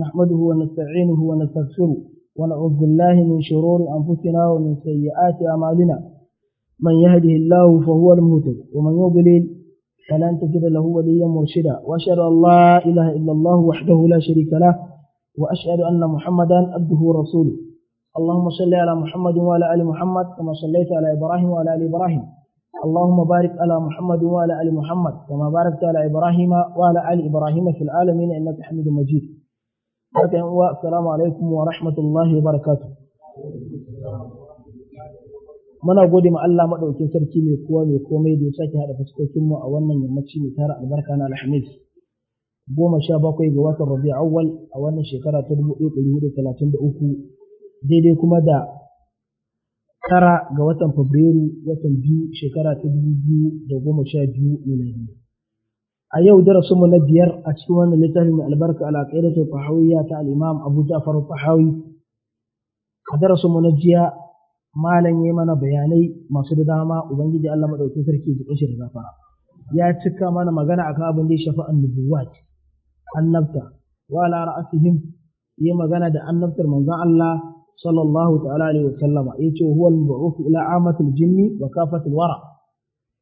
نحمده ونستعينه ونستغفره ونعوذ بالله من شرور أنفسنا ومن سيئات أعمالنا من يهده الله فهو المهتد ومن يضلل فلن تجد له وليا مرشدا وأشهد أن لا إله إلا الله وحده لا شريك له وأشهد أن محمدا عبده ورسوله اللهم صل على محمد وعلى آل محمد كما صليت على إبراهيم وعلى آل إبراهيم اللهم بارك على محمد وعلى آل محمد كما باركت على إبراهيم وعلى آل إبراهيم في العالمين إنك حميد مجيد yin uwa, assalamu alaikum wa rahmatullahi wa barakatuh. Muna gode ma Allah maɗaukin sarki mai kowa mai komai da ya sake haɗa fuskokin mu a wannan yammaci mai tara albarka na Alhamis. Goma sha bakwai ga watan Rabi Awwal a wannan shekara ta dubu ɗaya ɗari hudu talatin da uku daidai kuma da tara ga watan Fabrairu watan biyu shekara ta dubu biyu da goma sha biyu miladiya. a yau darasin mu na biyar a cikin wannan littafin mai albarka al-aqidatu tahawiyya ta al-imam Abu Ja'far Tahawi a darasinmu na jiya malam yayi mana bayanai masu da dama ubangiji Allah madaukakin sarki ya jikin shi da gafara ya cika mana magana akan abin da ya shafi annubuwat annabta wa ala ra'sihim yi magana da annabtar manzon Allah sallallahu ta'ala alaihi wa sallama yace huwa al-mub'uth ila amatil jinni wa kafatul wara'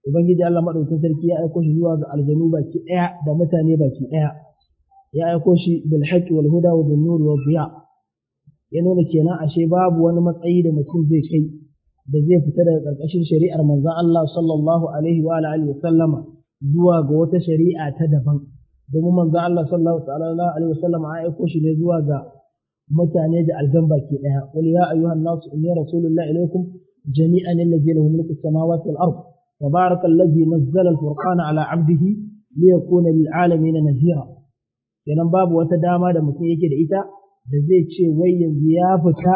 ubangiji Allah madaukakin sarki ya aiko shi zuwa ga aljanu baki ɗaya da mutane baki ɗaya ya aiko shi bil haqq wal huda wa bin nur wa biya ya nuna kenan ashe babu wani matsayi da mutum zai kai da zai fita daga ƙarƙashin shari'ar manzon Allah sallallahu alaihi wa alihi wa sallama zuwa ga wata shari'a ta daban domin manzon Allah sallallahu alaihi wa sallama ya aiko shi ne zuwa ga mutane da aljan baki daya qul ya ayyuhan nas inni rasulullah ilaykum jami'an alladhi lahu mulku samawati wal ardh تبارك الذي نزل الفرقان على عبده ليكون للعالمين نذيرا kenan babu wata dama da mutum yake da ita da zai ce wai yanzu ya fita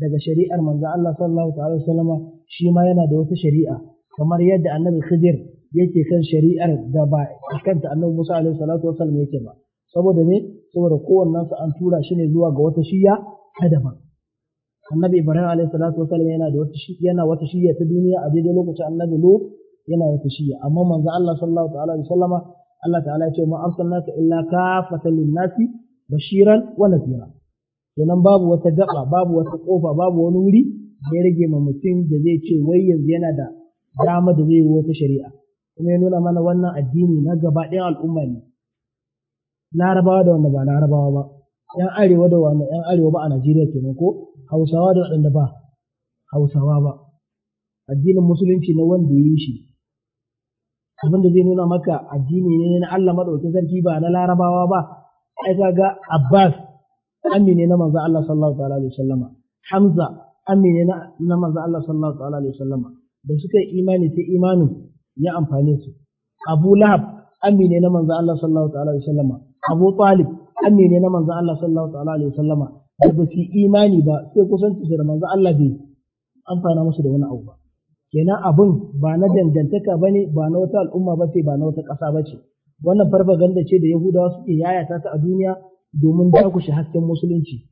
daga shari'ar manzo Allah sallallahu ta'ala sallama shi ma yana da wata shari'a kamar yadda annabi Khidir yake kan shari'ar da ba kanta annabi Musa alaihi salatu wasallam yake ba saboda ne saboda kowannen an tura shi ne zuwa ga wata shiya ta daban annabi Ibrahim alaihi salatu wasallam yana da wata yana wata shiya ta duniya a daidai lokacin annabi Lut yana wata shiya amma manzo Allah sallallahu ta'ala alaihi sallama Allah ta'ala ya ce ma arsalnaka illa kafatan lin-nasi bashiran wa nadhira kenan babu wata gaba babu wata kofa babu wani wuri da ya rage ma mutum da zai ce wai yanzu yana da dama da zai yi wata shari'a kuma ya nuna mana wannan addini na gaba ɗayan al'umma ne larabawa da wanda ba larabawa ba yan arewa da wanda yan arewa ba a najeriya kenan ko hausawa da waɗanda ba hausawa ba addinin musulunci na wanda ya yi shi abin da zai nuna maka addini ne na Allah madaukakin sarki ba na larabawa ba ai kaga Abbas ammi ne na manzo Allah sallallahu ta'ala alaihi wasallama Hamza ammi ne na manzo Allah sallallahu ta'ala alaihi wasallama da suka yi imani sai imanin ya amfane su Abu Lahab ammi ne na manzo Allah sallallahu ta'ala alaihi wasallama Abu Talib ammi ne na manzo Allah sallallahu ta'ala alaihi wasallama da ba su imani ba sai kusanci da manzo Allah bai amfana musu da wani abu ba kenan abun ba na dangantaka ba ne ba na wata al'umma ba ce ba na wata ƙasa ba ce wannan farfaganda ce da yahudawa suke yayata ta a duniya domin dakushe hasken musulunci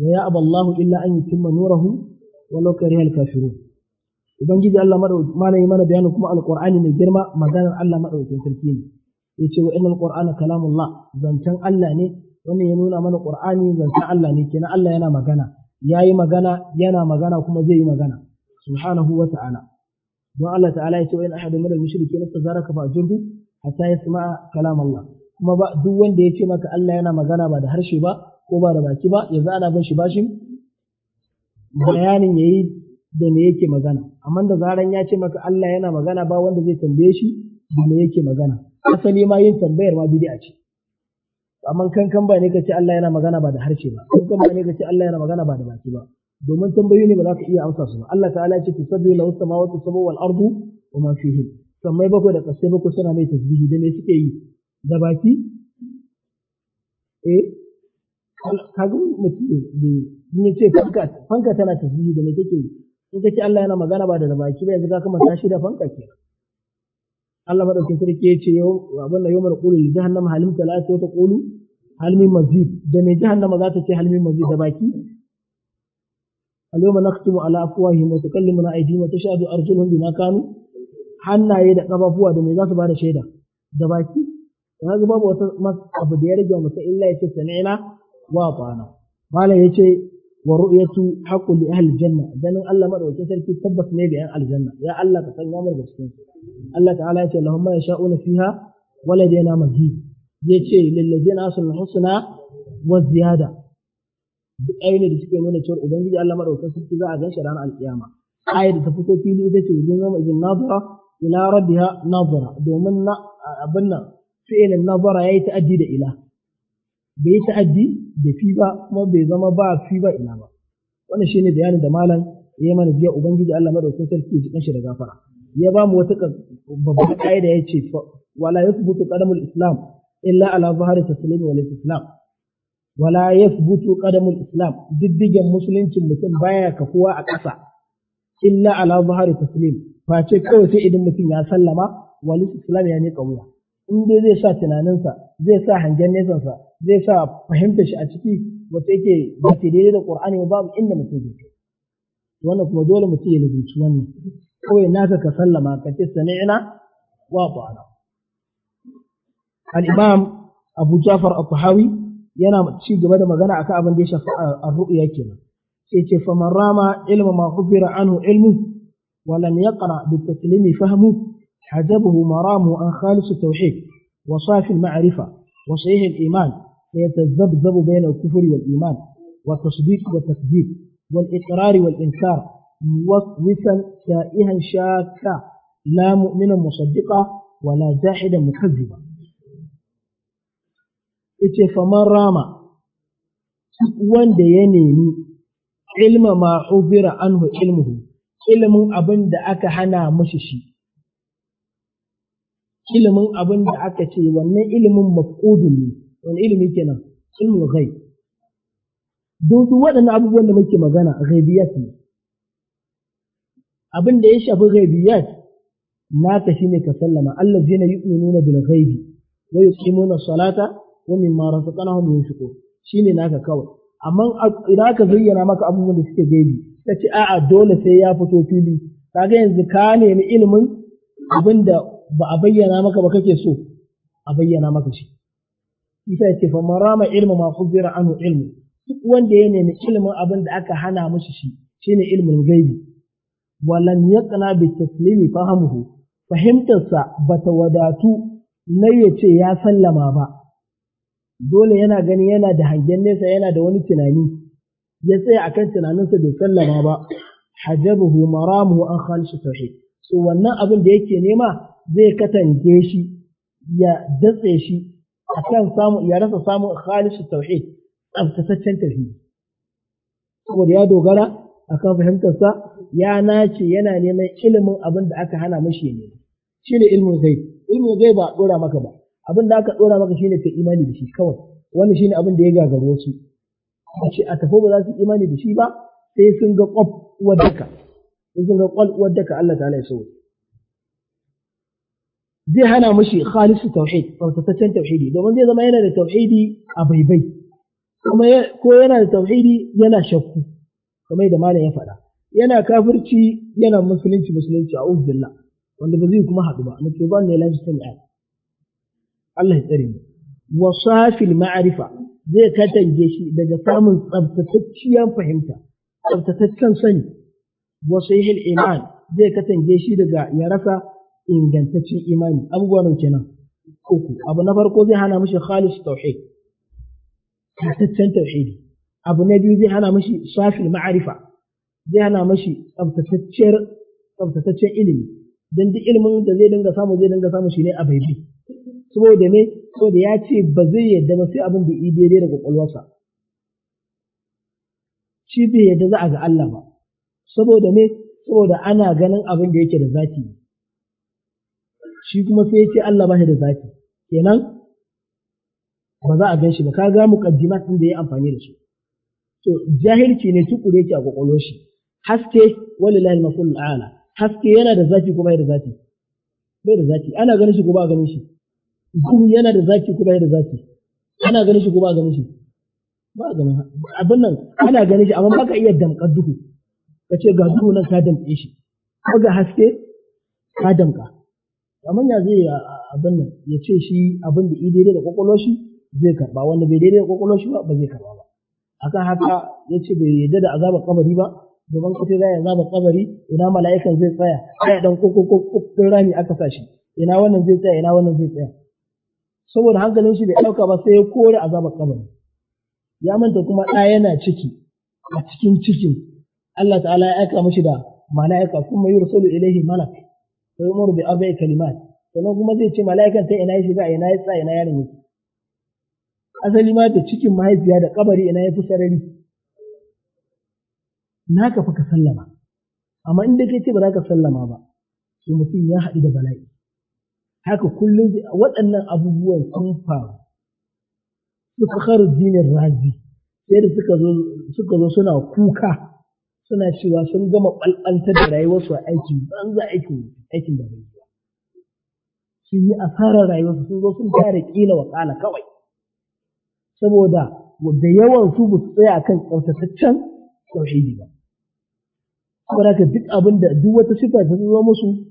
wa ya aballahu illa an yutimma nurahu walau karihal kafirun ubangiji Allah madaukakin mana bayanin kuma alqur'ani mai girma maganar Allah madaukakin sarki ne yace wa innal qur'ana kalamullah zancan Allah ne wannan ya nuna mana qur'ani zancan Allah ne kenan Allah yana magana yayi magana yana magana kuma zai yi magana subhanahu wa ta'ala don Allah ta'ala ya ce wa in ahadu min al-mushrikeena istazaraka fa'jurhu hatta yasma'a kalam Allah kuma ba duk wanda ya ce maka Allah yana magana ba da harshe ba ko ba da baki ba yanzu ana bin shi bashin bayanin yayi da me yake magana amma da zaran ya ce maka Allah yana magana ba wanda zai tambaye shi da me yake magana asali ma yin tambayar ma bid'a ce amma kankan ba ne ka ce Allah yana magana ba da harshe ba kankan ba ne ka ce Allah yana magana ba da baki ba domin tambayoyi ne ba za ka iya amsa su ba Allah ta'ala ya ce tusabbihu lahu samawati sab'u wal ardu wa ma fihin sammai bakwai da kasai bakwai suna mai tasbihi da me suke yi da baki eh kaga mutum ne ne ce fanka fanka tana tasbihi da me take yi in kace Allah yana magana ba da baki ba yanzu ka kuma tashi da fanka ke Allah madaukin sarki ya ce yau abin da yau mara kulu li jahannama halim talatu ta kulu halmi mazid da me jahannama za ta ce halmi mazid da baki اليوم نختم على أفواههم وتكلمنا أيديهم وتشهد أرجلهم بما كانوا hannaye da ƙafafuwa da me za su ba da shaida da baki da ga babu wata abu da ya rage wa mutum illa yace sami'na wa ta'ana malam yace wa ru'yatu haqqu li ahli janna ganin Allah madaukakin sarki tabbas ne ga yan aljanna ya Allah ka sanya mu daga cikin su Allah ta'ala yace lahumma yasha'una fiha wa ladaina mazid yace lil ladina asul husna wa ziyada duk ayoyi da suke nuna cewa ubangiji Allah madaukakin sarki za a gan shi ranar alkiyama ayar da ta fito fili ita ce wajen yawma idin nazara ila rabbiha nazara domin na abin nan fi'ilin nazara yayi ta'addi da ila bai yi ta'addi da fi ba kuma bai zama ba fi ba ila ba wannan shine bayani da malam ya mana jiya ubangiji Allah madaukakin sarki ya jikan shi da gafara ya ba mu wata babbar da ya ce wala yathbutu qadamul islam illa ala zahari taslimi wal islam wala butu ƙadamun islam diddigen musuluncin mutum baya kafuwa a ƙasa illa ala zahari taslim face kawai sai idan mutum ya sallama wani islam ya ne kauya in dai zai sa tunaninsa zai sa hangen nesansa zai sa fahimta shi a ciki wata yake ba ta daidai da qur'ani ba babu inda mutum zai kai wannan kuma dole mutum ya lubuci wannan kawai naka ka sallama ka ce sami'na wa ta'ala al-imam abu jafar al-tahawi yana ci gaba da magana akan abin da ya shafi ar-ru'ya kenan sai ce fa man rama ilma ma khubira anhu ilmu wa lam yaqra bi taslimi fahmu hajabahu maramu an khalis at-tauhid wa safi al ma'rifa wa sahih al-iman bayna al-kufr wa iman فيتذبذب بين الكفر والإيمان والتصديق والتكذيب والإقرار والإنكار موسوسا shaka la لا مؤمنا wa la جاحدا مكذبا yace faman rama duk wanda ya nemi ilma ma ubira anhu ilmuhu ilimin abin da aka hana mashi shi ilimin abin da aka ce wannan ilimin mafqudun ne wani ilmi kenan ilmul gai duk waɗannan abubuwan da muke magana ghaibiyat ne abin da ya shafi ghaibiyat naka shine ka sallama allazina yu'minuna bil ghaibi wa yuqimuna salata wa mimma razaqnahum yunfiqun shine naka kawai amma idan aka zayyana maka abubuwan da suke gaibi ta ce a'a dole sai ya fito fili kaga yanzu ka nemi ilimin abin da ba a bayyana maka ba kake so a bayyana maka shi isa ya ce fa marama ilmu ma fuzira anu ilmu duk wanda ya nemi ilimin abin da aka hana mishi shi shine ilmin gaibi Wala walan yaqna bi taslimi fahamuhu fahimtarsa bata wadatu na ya ce ya sallama ba dole yana gani yana da hangen nesa yana da wani tunani ya tsaya akan tunaninsa bai sallama ba hajabuhu maramuhu an khalish tauhid so wannan abin da yake nema zai katange shi ya datse shi akan samu ya rasa samu khalish tauhid tsabtataccen tauhid saboda ya dogara akan fahimtarsa ya nace yana neman ilimin abin da aka hana mashi ne shine ilmin ghaib ilmin ghaib ba dora maka ba abin da aka dora maka shine kai imani da shi kawai wani shine abin da ya gagaro su ce a tafi ba za su imani da shi ba sai sun ga kwaf uwar sai sun ga kwal Allah ta'ala ya so zai hana mashi khalisu tauhid tsaftataccen tauhidi domin zai zama yana da tauhidi a baibai kuma ko yana da tauhidi yana shakku kamar da malam ya faɗa yana kafirci yana musulunci musulunci a uzbillah wanda ba zai kuma haɗu ba na ba ne lafi sami'a Allah ya tsare mu wa safil ma'arifa zai katange shi daga samun tsabtatacciyar fahimta tsabtataccen sani wa sahihil iman zai katange shi daga ya rasa ingantaccen imani abubuwan nan kenan uku abu na farko zai hana mishi khalis tauhid tataccen tauhidi abu na biyu zai hana mishi safil ma'arifa zai hana mishi tsabtatacciyar tsabtataccen ilimi dan duk ilimin da zai dinga samu zai dinga samu shi ne a baibi saboda me saboda ya ce ba zai yadda ba sai abin da yi daidai daga kwakwalwarsa shi bai yadda za a ga Allah ba saboda me saboda ana ganin abin da yake da zaki shi kuma sai ya ce Allah ba shi da zaki kenan ba za a gan shi ba ka ga muqaddimat din da ya amfani da su to jahilci ne tukure yake a kwakwalwar shi haske walillahi al-masallu ala haske yana da zaki kuma yana da zaki bai da zaki ana ganin shi ko ba ganin shi duhu yana da zaki kuma yana da zaki ana ganin shi ko ba a ganin shi ba a ganin abin nan ana ganin shi amma ba ka iya damƙar duhu ka ce ga duhu nan ka damƙe shi ko ga haske ka damƙa amma ya zai yi abin nan ya ce shi abin da daidai da kwakwalwar shi zai karba wanda bai daidai da kwakwalwar shi ba ba zai karba ba akan haka ya ce bai yarda da azabar kabari ba domin kuce za yi azabar kabari ina mala'ikan zai tsaya ko dan kokokokokun rami aka sa shi ina wannan zai tsaya ina wannan zai tsaya saboda hankalin shi bai ɗauka ba sai ya kore azabar kabari ya manta kuma ɗa yana ciki a cikin cikin Allah ta'ala ya aika mashi da mala'ika kuma yursalu ilaihi malak sai umaru bi arba'i kalimat sannan kuma zai ce mala'ikan ta ina ya shiga ina ya tsaya ina yaron yake asali ma da cikin mahaifiya da kabari ina ya fi sarari ka fi ka sallama amma inda kai ce ba za ka sallama ba sai mutum ya haɗu da bala'i haka kullum waɗannan abubuwan sun faru su fakhar dinin razi sai da suka zo suna kuka suna cewa sun gama ɓalɓantar da rayuwarsu a aikin banza aikin aikin da bai ba sun yi asarar rayuwarsu sun zo sun tare kila wa kawai saboda da yawan su ba su tsaya akan tsaftataccen tauhidi ba saboda duk abin da duk wata sifa ta zo musu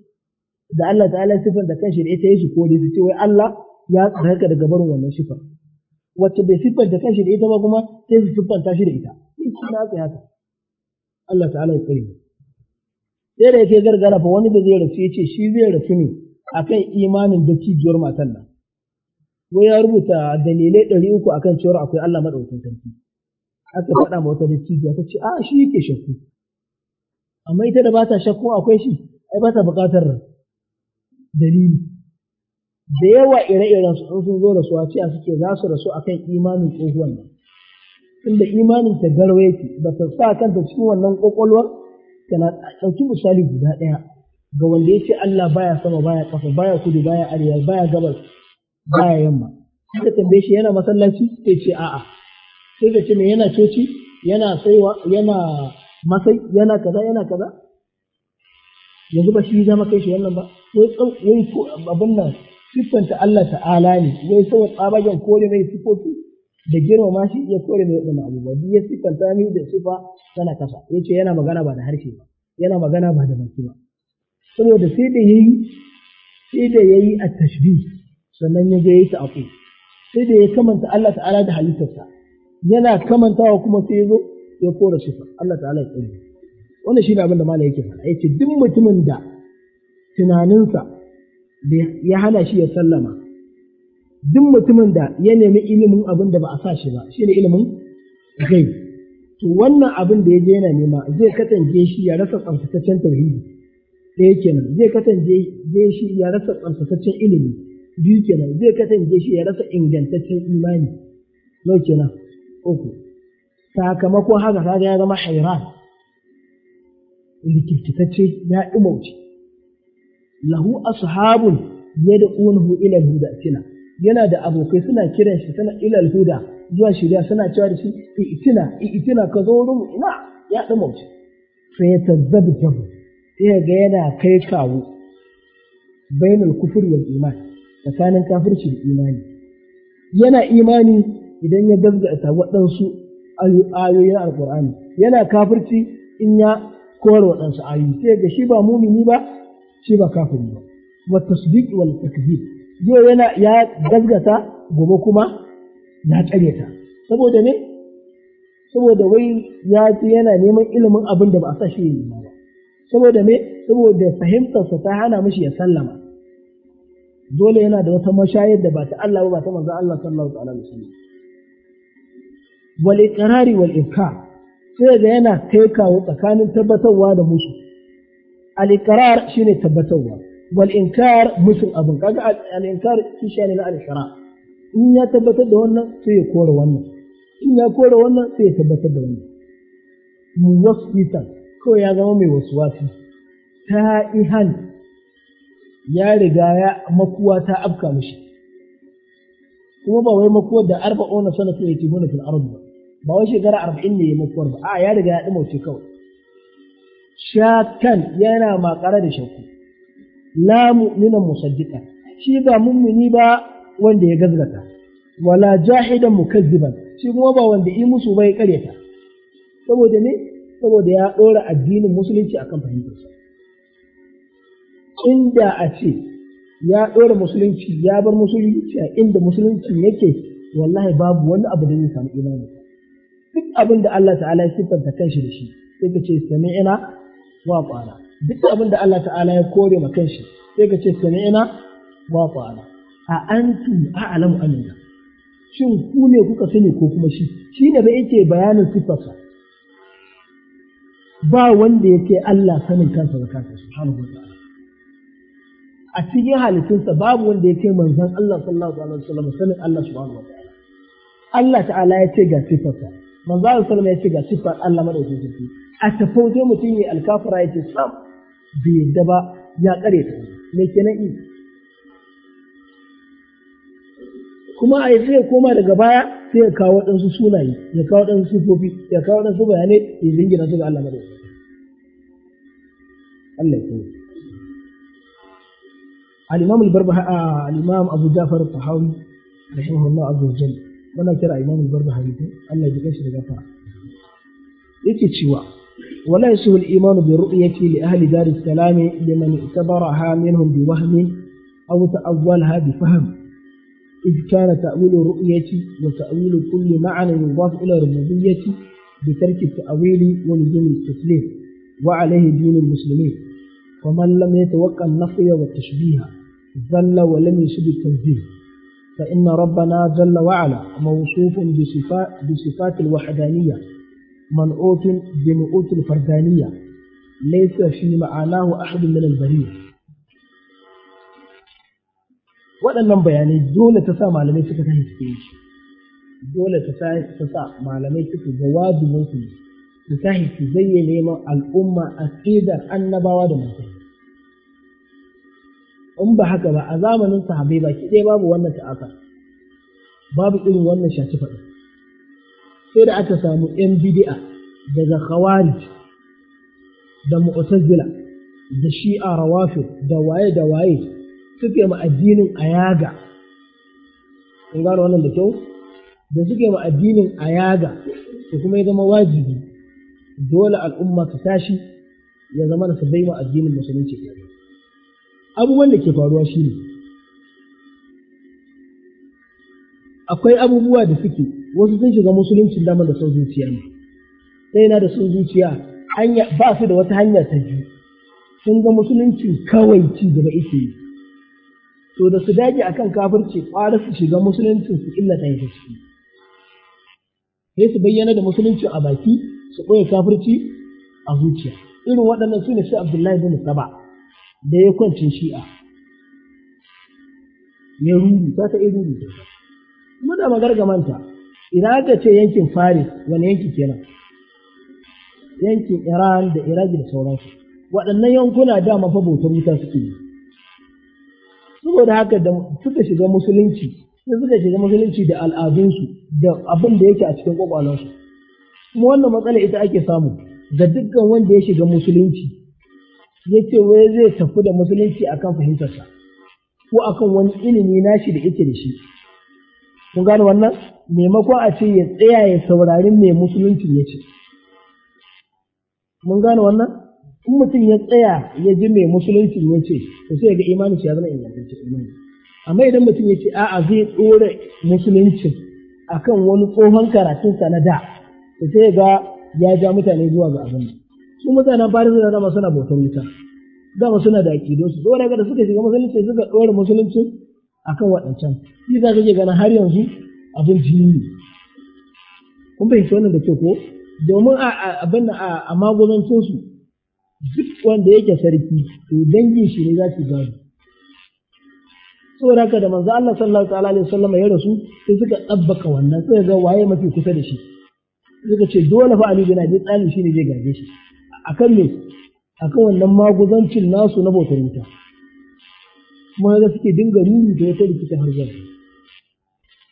da Allah ta'ala sifar da shi da ita ya shi ko su ce wai Allah ya tsaraka daga barin wannan sifar wacce bai sifar da shi da ita ba kuma sai su ta shi da ita shi na tsaya ta Allah ta'ala ya tsare sai da yake gargara fa wani da zai rasu yace shi zai rasu ne akan imanin da cijiyar matan nan wai ya rubuta dalilai ɗari uku akan cewar akwai Allah maɗaukin sarki aka faɗa ma wata dattijuwa ta ce a shi yake shakku amma ita da ba ta shakku akwai shi ai ba ta buƙatar dalili da yawa ire-iren su sun zo da su a suke za su rasu akan imanin tsohuwan nan tunda imanin ta garwa yake ba ta sa kanta cikin wannan kwakwalwar tana ɗauki misali guda ɗaya ga wanda ya ce Allah baya sama baya kafa baya kudu baya arewa baya gabas baya yamma sai tambaye shi yana masallaci sai ce a'a sai ka ce me yana coci yana saiwa yana masai yana kaza yana kaza yanzu ba shi zama kai shi wannan ba wai wai abin nan siffanta Allah ta'ala ne wai sai tsabagen kore mai sifofi da girmama shi ya kore mai wadannan abubuwa duk ya siffanta ni da sifa tana kasa yace yana magana ba da harshe ba yana magana ba da baki ba saboda sai da yayi sai da yayi at-tashbih sannan ya ga yayi ta'aqu sai da ya kamanta Allah ta'ala da halittarsa yana kamantawa kuma sai ya zo ya kore sifa Allah ta'ala ya tsare wannan ne abin da malam yake faɗa yace duk mutumin da tunaninsa ya hana shi ya sallama duk mutumin da ya nemi ilimin abin da ba a sa shi ba shine ilimin gai to wannan abin da ya je yana nema zai kasance shi ya rasa tsamsataccen tarihi ɗaya kenan zai kasance shi ya rasa tsamsataccen ilimi biyu kenan zai kasance shi ya rasa ingantaccen imani nau kenan uku sakamakon haka ya zama hairan rikirkitacce ya ɗumauce lahu ashabun da ila ilal huda tina yana da abokai suna kiran shi suna ilal huda zuwa shirya suna cewa da shi itina itina ka zo wurin ina ya ɗumauce sai ya jabu, sai ga yana kai kawo bainal kufur wal iman tsakanin kafirci da imani yana imani idan ya gazgata waɗansu ayoyin alkur'ani yana kafirci in ya kowar waɗansu ayoyi sai ga shi ba mumini ba shi ba kafiri ba wa tasdiq wal takzib yau yana ya gazgata gobe kuma ya ƙaryata saboda ne saboda wai ya ji yana neman ilimin abin da ba a sa shi yi ba saboda me saboda fahimtarsa ta hana mishi ya sallama dole yana da wata mashayar da ba ta Allah ba ta manzon Allah sallallahu alaihi wasallam wal iqrari wal inkar sai da yana kai kawo tsakanin tabbatarwa da musu al-iqrar shine tabbatarwa wal inkar musun abin kaga al inkar shi ne na al in ya tabbatar da wannan sai ya kore wannan in ya kore wannan sai ya tabbatar da wannan mu wasfitan kawai ya zama mai wasu. ta ihan ya riga ya makuwa ta afka mishi kuma ba wai makuwar da arba'una sanatu yatimuna fil ardh ba wai shekara arba'in ne ya mutuwar ba a ya riga ya ɗi mauce kawai shakan yana makara da shakku la mu'minan musaddiqa shi ba mummuni ba wanda ya gazgata wala jahidan mukazziban shi kuma ba wanda yi musu bai kareta saboda ne saboda ya ɗora addinin musulunci akan fahimtarsa inda a ce ya ɗora musulunci ya bar musulunci a inda musulunci yake wallahi babu wani abu da zai samu imani duk abin da Allah ta'ala ya siffanta kanshi da shi sai ka ce sami'ina wa ta'ala duk abin da Allah ta'ala ya kore ma kanshi sai ka ce sami'ina wa ta'ala a antum a'lamu amina shin ku ne kuka sani ko kuma shi shi ne ba yake bayanin siffarsa ba wanda yake Allah sanin kansa da kansa subhanahu ta'ala a cikin halittunsa babu wanda yake manzon Allah sallallahu alaihi wasallam sanin Allah subhanahu ta'ala Allah ta'ala ya ce ga siffarsa manzo Allah sallama ya ce ga sifar Allah madaukakin sarki a tafau sai mutum ne alkafara ya ce sam bai yadda ba ya kare ta me kenan in kuma a sai ya koma daga baya sai ya kawo waɗansu sunaye ya kawo waɗansu sufofi ya kawo waɗansu bayanai ya zingina su ga Allah madaukakin Allah ya al-Imam kiyaye الإمام البربه الإمام أبو جعفر الطحاوي رحمه الله عز وجل muna kira imamu barbahari ko Allah ya shi da gafara yake cewa wala yasu al iman bi ru'yati li ahli dar salam liman i'tabaraha minhum bi wahmin aw ta'awwalaha bi fahm إذ كان تأويل الرؤية وتأويل كل معنى يضاف إلى الربوبية بترك التأويل ولزوم التسليم وعليه دين المسلمين فمن لم يتوقع النفي والتشبيه ذل ولم يشد التنزيل فإن ربنا جل وعلا موصوف بصفات الوحدانية منعوت بنعوت الفردانية ليس في معناه أحد من البرية waɗannan bayanai dole ta sa malamai suka ta hiske shi dole ta sa malamai suka ga wajibinsu su ta hiske zayyane neman al'umma a tsidan annabawa da mutane in ba haka ba a zamanin sahabai baki ɗaya babu wannan ta'asa babu irin wannan shafi faɗi sai da aka samu yan bid'a daga khawarij da mu'tazila da shi'a rawafi da waye da waye suke ma addinin ayaga kun gano wannan da kyau da suke ma addinin ayaga to kuma ya zama wajibi dole al'umma su tashi ya zama da su bai ma addinin musulunci kenan abubuwan da ke faruwa shi ne akwai abubuwa da suke wasu sun shiga musuluncin dama da son zuciya ne sai na da son zuciya hanya ba su da wata hanya ta biyu sun ga musuluncin kawai ci gaba ake yi to da su dage akan kafirci kwara su shiga musuluncin su illa ta yi shi sai su bayyana da musulunci a baki su ɓoye kafirci a zuciya irin waɗannan su ne sai abdullahi bin saba da ya kwancin shi'a ya ruru ta ta ruru ta kuma da magargamanta ina ga ce yankin faris wani yanki kenan yankin iran da iraki da sauransu waɗannan yankuna dama fa bautar wuta suke yi saboda haka da suka shiga musulunci da suka shiga musulunci da al'adunsu da abin da yake a cikin kwakwalansu kuma wannan matsala ita ake samu ga dukkan wanda ya shiga musulunci ya ce wai zai tafi da musulunci akan fahimtarsa ko akan wani ilimi nashi da yake da shi kun gane wannan maimakon a ce ya tsaya ya saurari mai musulunci ya ce mun gane wannan in mutum ya tsaya ya ji mai musulunci ya ce to sai ga imani shi ya zama ingantacce imani amma idan mutum ya ce a'a zai tsore musulunci akan wani tsohon karatunsa na da to sai ga ya ja mutane zuwa ga abin su mutanen Faris da zama suna bautar wuta dama suna da akidun su saboda da suka shiga musulunci suka dora a akan waɗancan shi za ka ke ganin har yanzu abin jini ne kun fahimci wannan da ke ko domin abin a magomancinsu duk wanda yake sarki to dangin shi ne za su gado saboda haka da manzo Allah sallallahu alaihi wasallam ya rasu sai suka tsabbaka wannan sai ga waye mafi kusa da shi suka ce dole fa Ali bin Abi Talib shine zai gaje shi A akan a kan wannan maguzancin nasu na bautar wuta kuma ga suke dinga ruru da wata rikita har zan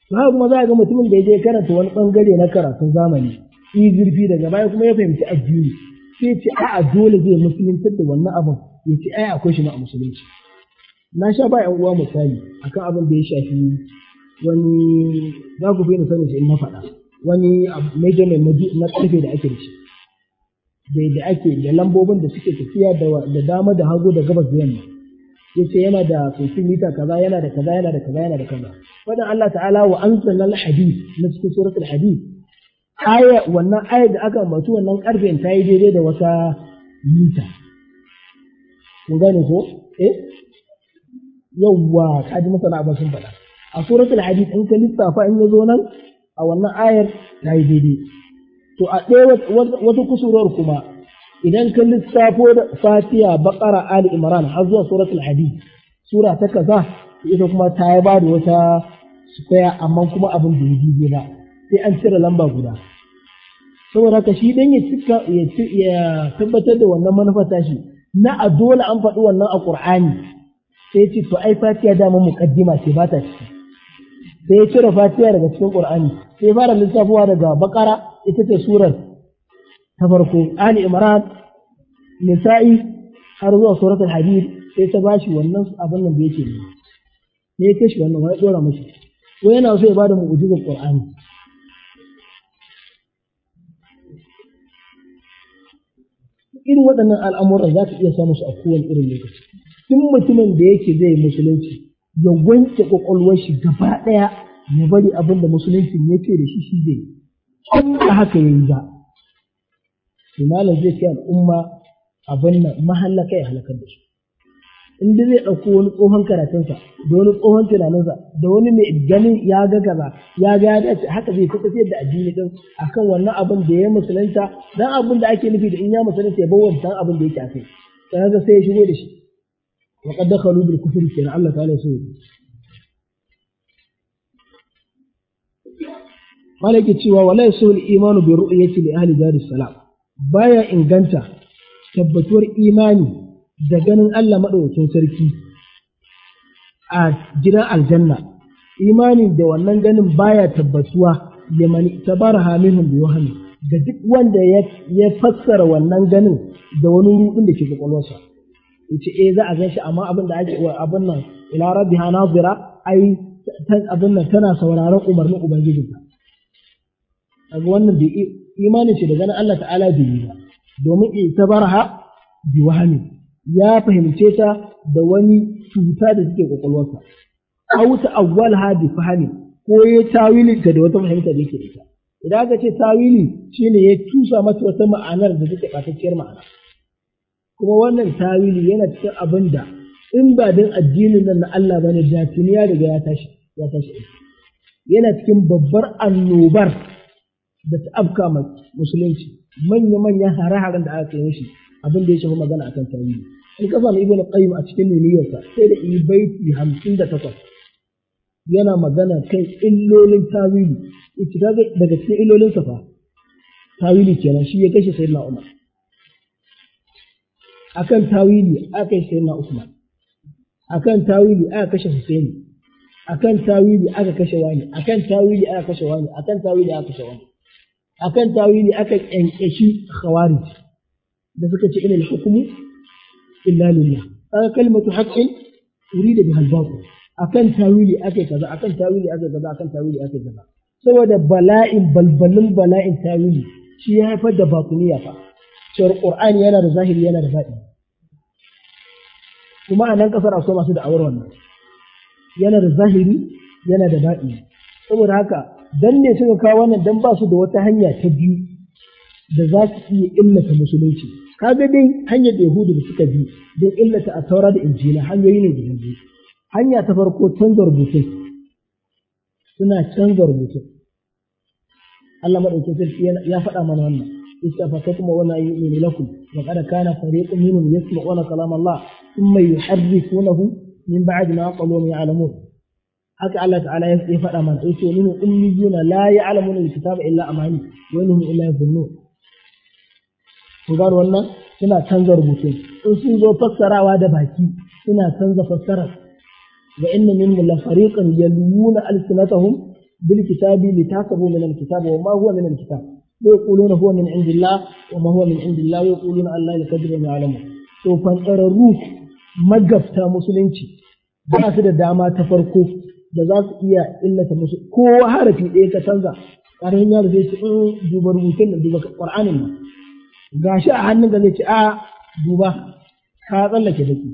ba kuma za a ga mutumin da ya je karanta wani bangare na karatun zamani yi zurfi daga baya kuma ya fahimci addini sai ce a'a dole zai musulunci da wannan abin ya ce ai akwai shi ma a musulunci na sha ba 'yan uwa misali akan abin da ya shafi wani za ku fi na sanin in na faɗa wani mai na ƙarfe da ake da shi da ake da lambobin da suke tafiya da dama da hagu da gabas da yamma yace yana da sosin mita kaza yana da kaza yana da kaza yana da kaza wannan Allah ta'ala wa anzalna al-hadith na cikin suratul hadith aya wannan aya da aka ambatu wannan karfe ta yi daidai da wata mita kun gane ko eh yawwa kaji masana abin sun faɗa a suratul hadith in ka lissafa in ya zo nan a wannan ayar ta yi daidai to a ɗaya wata kusurwar kuma idan ka lissafo da fatiya baƙara ali imran har zuwa suratul hadid sura ta kaza ita kuma ta yi ba da wata square amma kuma abin da ya jije sai an cire lamba guda saboda haka shi dan ya cika ya tabbatar da wannan manufar tashi na a dole an faɗi wannan a qur'ani sai ce to ai fatiya dama muqaddima ce ba ta ciki sai ya cire fatiha daga cikin qur'ani sai fara lissafuwa daga bakara ita ce surar ta farko ali imran nisa'i har zuwa al hadid sai ta bashi wannan abin nan da yake ne ne ya kashi wannan wani dora mashi ko yana so ya bada mu'jizar qur'ani irin waɗannan al'amuran za ka iya samu su a kowane irin lokaci duk mutumin da yake zai musulunci ya wanke kwakwalwar shi gaba ɗaya ya bari abin da musulunci yake da shi shi zai in ba haka yayi ba malam zai kai al'umma abin nan mahallaka ya halakar da shi, in dai zai ɗauko wani tsohon karatunsa da wani tsohon tunaninsa da wani mai ganin ya ga gaba ya ga ya dace haka zai fi tafiyar da addini din akan wannan abin da ya musulunta dan abin da ake nufi da in ya musulunta ya bar wancan abin da yake a kai sai ya shigo da shi wa qad dakhalu bil kufri kenan Allah ta'ala ya so malaki cewa wala yasul imanu bi ru'yati li ahli daris salam baya inganta tabbatuwar imani da ganin Allah madaukakin sarki a gidan aljanna imani da wannan ganin baya tabbatuwa ta tabaraha minhum bi wahmi ga duk wanda ya fassara wannan ganin da wani rubin da ke kwakwalwarsa yace eh za a gan shi amma abin da ake wa abin nan ila rabbiha nazira ai abin nan tana sauraron umarnin ta kaga wannan bai imanin shi da ganin Allah ta'ala bi ba domin itabarha bi wahmi ya fahimce ta da wani cuta da take kwakwalwarsa aw awwal hadi fahmi ko ya tawili ta da wata fahimta da yake da ita idan aka ce tawili shine ya tusa mata wata ma'anar da take batacciyar ma'ana kuma wannan tawili yana cikin abin da in ba din addinin nan na Allah bane da tuni ya riga ya tashi ya tashi yana cikin babbar annobar da ta afka musulunci manya manyan hare-haren da aka yi shi abin da ya shafi magana akan tawili in ka samu ibnu qayyim a cikin nuniyarsa sai da yi baiti 58 yana magana kan illolin tawili ita daga cikin illolin sa fa tawili kenan shi ya kashe sayyidina umar akan tawili aka yi sai sayyidina Usman akan tawili aka kashe Husaini akan tawili aka kashe wani akan tawili aka kashe wani akan tawili aka kashe wani akan tawili aka kyankashi khawarij da suka ce ilal hukmu illa lillah aka kalmatu haqqin urida biha al-batil akan tawili aka kaza akan tawili aka kaza akan tawili aka kaza saboda bala'in balbalin bala'in tawili shi ya haifar da bakuniya fa cewar Qur'ani yana da zahiri yana da baɗi kuma a nan ƙasar akwai masu da'awar wannan yana da zahiri yana da baɗi saboda haka dan ne suka kawo wannan dan ba su da wata hanya ta biyu da za su iya illata musulunci kaga dai hanyar da yahudu da suka bi don illata a taura da injila hanyoyi ne guda biyu hanya ta farko canza rubutun suna canza rubutun Allah maɗaukakin ya faɗa mana wannan استفتتم ولا يؤمن لكم وقد كان فريق منهم يسمعون كلام الله ثم يحرفونه من بعد ما قالوا يعلمون haka Allah ta'ala ya faɗa man ta yace minhum ummiyuna la ya'lamuna alkitaba illa amani wa innahum illa yazunnun kun gano wannan suna canza rubutun in sun zo fassarawa da baki suna canza fassarar wa inna minhum la fariqan yaluna alsinatahum bil kitabi litasabu min alkitaba wa ma ويقولون هو من عند الله وما هو من عند الله ويقولون الله الكذب ما يعلمه to fantsararru magabta musulunci ba su da dama ta farko da za su iya illata musu kowa harafi ɗaya ka canza ƙarfin zai ce in duba duba ƙur'anin nan gashi a hannun ga zai a duba ka tsallake daki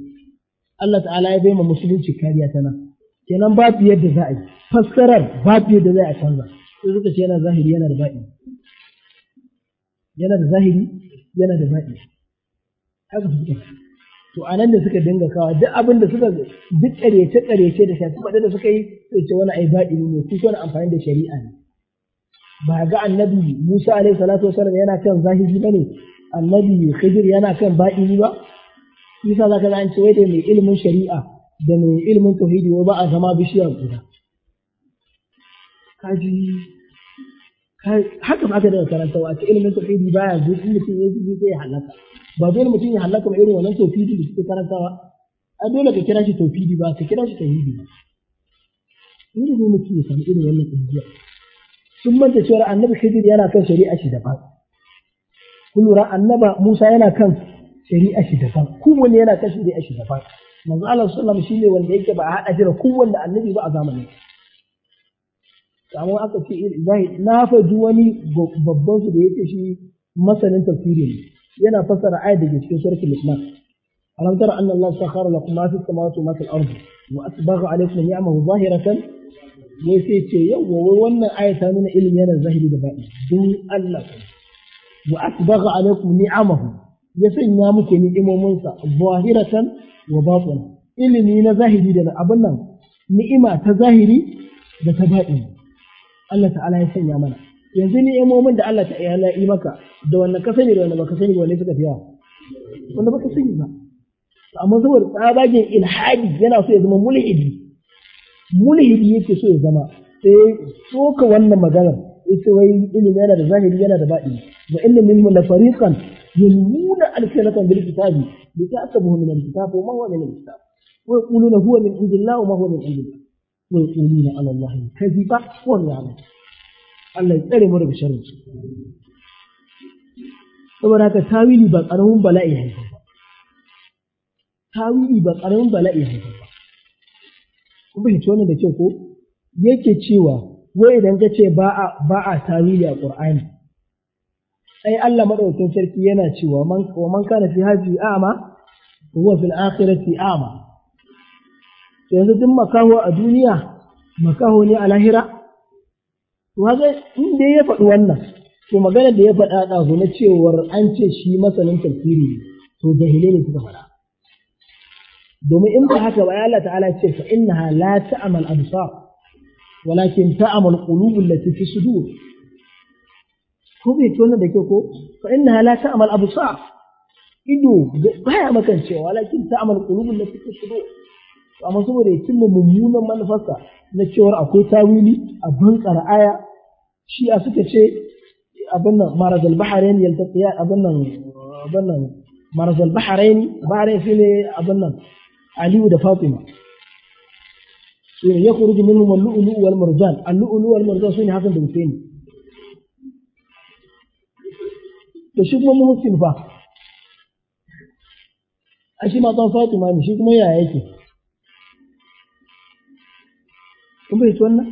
Allah ta'ala ya bai ma musulunci kariya ta nan kenan babu yadda za yi fassarar babu yadda canza sai ce yana zahiri yana baɗi yana da zahiri yana da baɗi haka su suka to a nan da suka dinga kawa duk abin da suka duk ƙaryace ƙaryace da shafi faɗi da suka yi sai ce wani ai baɗi ne su kuna amfani da shari'a ne ba ga annabi Musa alaihi salatu wasallam yana kan zahiri bane annabi Khidir yana kan baɗi ba Isa zaka ga an ce wai da mai ilimin shari'a da mai ilimin tauhidi ba a zama bishiyar guda kaji haka ba ka daga karantawa ta ilimin tauhidi baya zo in mutum ya ji sai ya halaka ba dole mutum ya halaka ba irin wannan tauhidi da suke karantawa a dole ka kira shi tauhidi ba ka kira shi tauhidi ba inda ne mutum ya samu irin wannan kungiya sun manta cewa annabi khidir yana kan shari'a shi daban kun lura annaba musa yana kan shari'a shi daban kowanne yana kan shari'a shi daban manzo Allah sallallahu alaihi wasallam shine wanda yake ba a hada jira kowanne annabi ba a zamanin amma aka ce zahid na faji wani babban su da yake shi masanin tafsiri yana fasara ayat da ke cikin suratul luqman alam tara anna allaha sakhara lakum ma fis samawati wa ma fil ardi wa asbagha alaykum ni'amahu zahiratan wai sai ce yawwa wai wannan ayat ta nuna ilimi yana zahiri da baɗi don Allah wa asbagha alaykum ni'amahu ya sanya muku ni'imominsa zahiratan wa batina ilimi na zahiri da abin nan ni'ima ta zahiri da ta baɗi Allah ta'ala ya sanya mana yanzu ni imomin da Allah ta'ala yi maka da wannan ka sani da wannan baka sani wanne suka fi yawa wanda baka sani ba amma saboda tsabagen ilhadi yana so ya zama mulhidi mulhidi yake so ya zama sai soka wannan maganar ita wai ilimi yana da zahiri yana da baɗi wa ilimin mu la fariqan yulmuna alsanatan bil kitabi lita'tabuhu min al kitab wa ma huwa min al kitab wa yaquluna huwa min indillah wa ma huwa min indillah ويقولون على الله Allah ya ba wannan da kyau ko yake cewa wai idan ka ce ba a ba a tawili a Qur'ani ai Allah madaukakin sarki yana cewa man wa man kana fi hadhihi a'ma huwa fil akhirati a'ma yanzu duk makaho a duniya makaho ne a lahira waga in dai ya faɗi wannan to magana da ya faɗa ɗazu na cewar an ce shi masanin tafsiri ne to jahilai ne suka faɗa domin in ba haka ba Allah ta'ala ce fa innaha la ta'mal absar walakin ta'mal qulub allati fi sudur ko bai tona da ke ko fa innaha la ta'mal absar ido baya makancewa walakin ta'mal qulub allati fi sudur amma saboda ya cimma mummunan manufarsa na cewa akwai tawili a bankar aya shi a suka ce abin nan marazal baharain yaltaqiya abin nan abin nan marazal baharain baharain shi ne abin nan aliyu da fatima su ne yakhruju minhum al-lu'lu' wal marjan al-lu'lu' wal marjan sune hakan da husaini da shi kuma muhsin fa a shi ma dan fatima ne shi kuma yaya yake kun bai wannan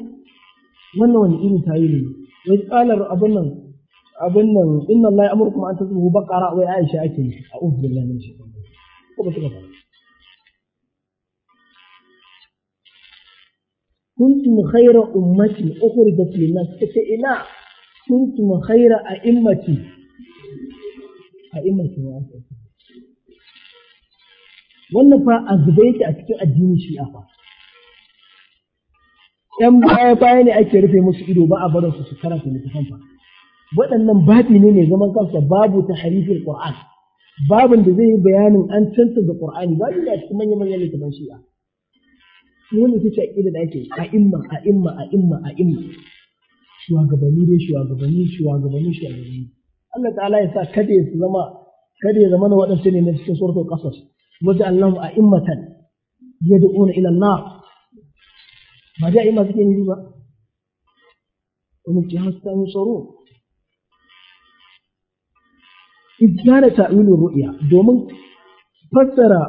wannan wani irin tawili ne wai tsalar abun nan abun nan inna allaha ya'murukum an tazbahu baqara wai aisha ake yi a'udhu billahi minash shaitanir rajim ko ba su ba kuntum khayra ummatin ukhrijat lin-nas kace ina kuntum khayra a'immati a'immati wa wannan fa azubaita a cikin addinin shi'a fa 'yan baya baya ne ake rufe musu ido ba a barin su su karanta littafin fa waɗannan babi ne mai zaman kansa babu ta harifin ƙur'an. babin da zai yi bayanin an da ƙur'ani, babu da cikin manyan manyan littafan shi'a wani su ce aƙida da ake a imma a imma a imma a imma shugabanni dai shugabanni shugabanni shugabanni Allah ta'ala ya sa kada ya zama kada ya zama na waɗansu ne na cikin Wajen qasas waja'alnahum a'immatan yadda ila an-nar ba da a'imma suke nufi ba ومن جهة ينصرون إذ كان تأويل الرؤيا domin fassara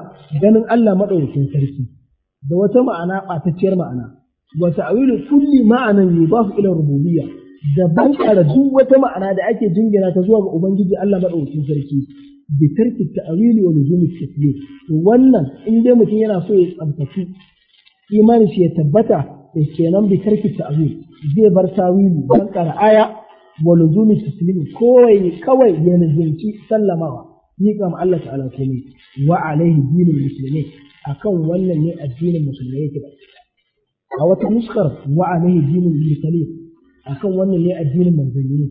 ganin Allah maɗaukin sarki da wata ma'ana ɓatacciyar ma'ana wa ta'wilu kulli ma'anan ba su ila rububiyya da bankara duk wata ma'ana da ake jingina ta zuwa ga ubangiji Allah maɗaukin sarki bi tarki ta'wili wa luzumi taklif wannan in dai mutum yana so ya tsabtaci imanin shi ya tabbata Eh, kenan bi tarki ta'wil zai bar tawili dan qara'aya wa luzumi taslim kawai kawai ya lazimci sallamawa ni kam Allah ta'ala komai wa alaihi dinul muslimin akan wannan ne addinin musulmai yake a wata nuskar wa alaihi dinul mursalin akan wannan ne addinin manzanni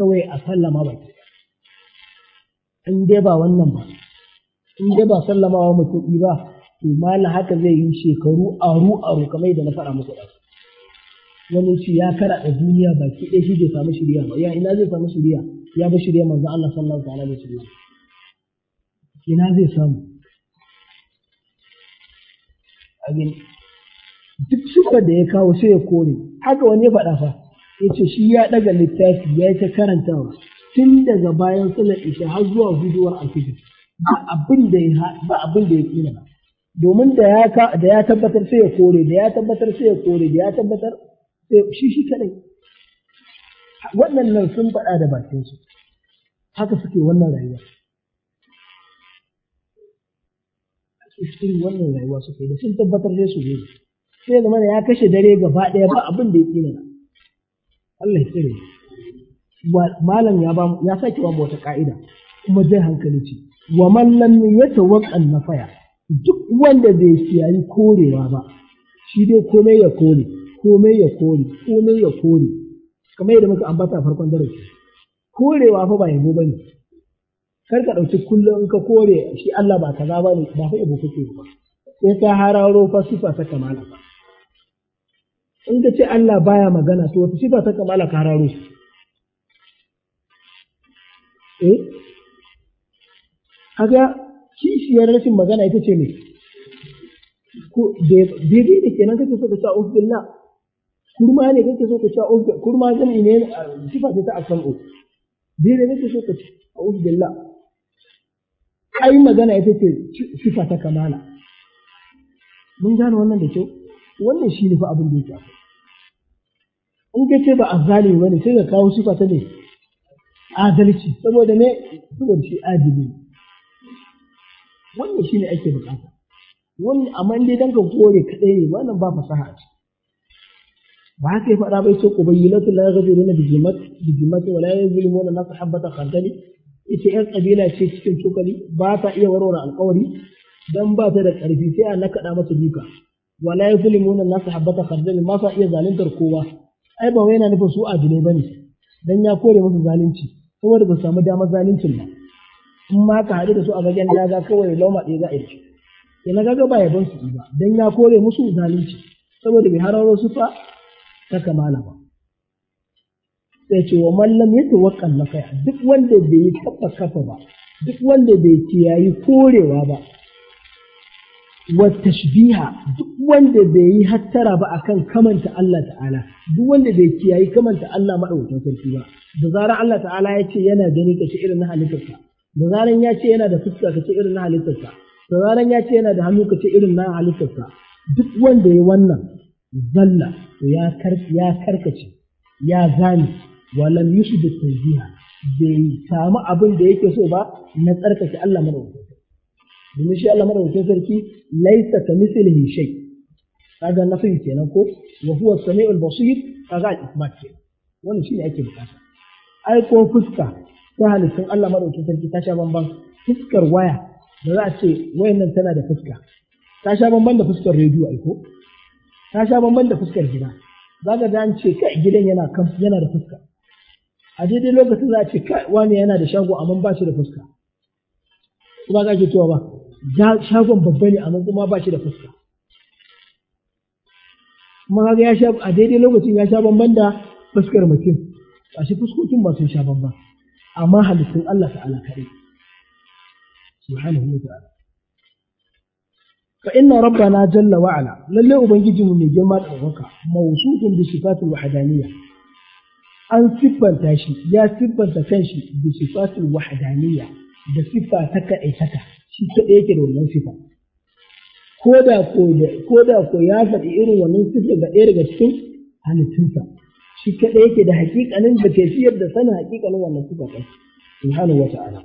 kawai a sallama ba in dai ba wannan ba in dai ba sallamawa mutum ba to malam haka zai yi shekaru aru aru kamar yadda na faɗa muku da wani shi ya da duniya baki ɗaya shi bai samu shirya ba ya ina zai samu shirya ya bi shirya manzo Allah sallallahu alaihi wasallam ina zai samu abin duk suka da ya kawo sai ya kore haka wani ya faɗa fa ya ce shi ya ɗaga littafi ya yi ta karantawa tun daga bayan salar isha har zuwa guduwar alfijir ba abin da ya ba abin da ya kina ba domin da ya ka da ya tabbatar sai ya kore da ya tabbatar sai ya kore da ya tabbatar sai shi shi kadai wannan nan sun faɗa da bakin su haka suke wannan rayuwa cikin wannan rayuwa suke da sun tabbatar da su ne sai zama ya kashe dare gaba ɗaya ba abin da ya tsina Allah ya tsire malam ya ba ya sake ba wata ka'ida kuma zai hankali ce wa man lam yatawaqqan nafaya duk wanda bai siyayi korewa ba shi dai komai ya kore komai ya kore komai ya kore kamar yadda muka ambata farkon darasi korewa fa ba yabo bane kar ka dauki kullum in ka kore shi Allah ba kaza bane ba fa yabo kake ba sai ka hararo fa sifa ta kamala ba in ka ce Allah baya magana to wata sifa ta kamala ka hararo eh kaga kishiyar rashin magana ita ce mai ko daidai da kenan kake so ka sha of billah kurma ne kake so ka sha of kurma jami'i ne sifa ce ta asamu daidai kake so ka sha of billah Kai magana ita ce sifa ta kamala mun gane wannan da kyau wannan shi ne fa abin da yake akwai in ka ce ba a zalimi ba ne sai ka kawo sifa ta ne adalci saboda me saboda shi adili wannan shi ne ake bukata wannan amma dai dan ka kore kaɗai ne wannan ba fasaha ce ba haka ya faɗa bai ce ku bayyinatu la yaghfiruna bijimat bijimat wa la yuzlimuna nafsa habata khardali ita yan kabila ce cikin cokali ba ta iya warware alƙawari dan ba ta da ƙarfi sai a nakaɗa masa duka wa la yuzlimuna nafsa habata khardali ma sa iya zaluntar kowa ai ba wai yana nufin su ba ne dan ya kore masa zalunci saboda ba su samu damar zaluncin ba in ma ka haɗu da su a bagen daga kawai lauma ɗaya za a yi ina gaga ba yabon su ba don ya kore musu zalunci saboda bai hararo su fa ta kamala ba sai ce wa mallam ya tawakkal maka duk wanda bai yi kafa kafa ba duk wanda bai kiyayi korewa ba wa tashbiha duk wanda bai yi hattara ba akan kamanta Allah ta'ala duk wanda bai kiyayi kamanta Allah madaukakin sarki ba da zarar Allah ta'ala ya ce yana gani kace irin na halittarsa da zaran ya ce yana da fuska kace irin na halittarsa da zaran ya ce yana da hannu kace irin na halittarsa duk wanda ya wannan zalla to ya ya karkace ya zame walam yushbit tanziha bai samu abin da yake so ba na tsarkake Allah madaukakin sarki domin shi Allah madaukakin sarki laisa ka mislihi shay kaga nafi kenan ko wa huwa samiul basir kaga al-ismat kenan wannan shine ake bukata ai ko fuska ta halittun Allah madaukin sarki ta sha bamban fuskar waya da za a ce wayan nan tana da fuska ta sha bamban da fuskar rediyo aiko ta sha bamban da fuskar gida za ka da ce kai gidan yana kan yana da fuska a daidai lokacin za a ce kai wani yana da shago amma ba shi da fuska kuma za ke cewa ba shagon babba ne amma kuma ba shi da fuska kuma ya sha a daidai lokacin ya sha bamban da fuskar mutum a shi fuskokin ba sun sha bamban amma halittun Allah ta'ala kaɗai subhanahu wa ta'ala fa Rabba na jalla wa lalle ubangiji mu mai girma da ɗaukaka mawsufun bi sifatil wahdaniyya an siffanta shi ya siffanta kan shi, bi sifatil wahdaniyya da siffa ta kaɗai taka shi kaɗai yake da wannan siffa ko da ko ya faɗi irin wannan siffa ga ɗaya daga cikin halittunsa shi kaɗai yake da hakikanin da ke kaifiyar da sanin hakikanin wannan sifa ɗin subhanahu wa ta'ala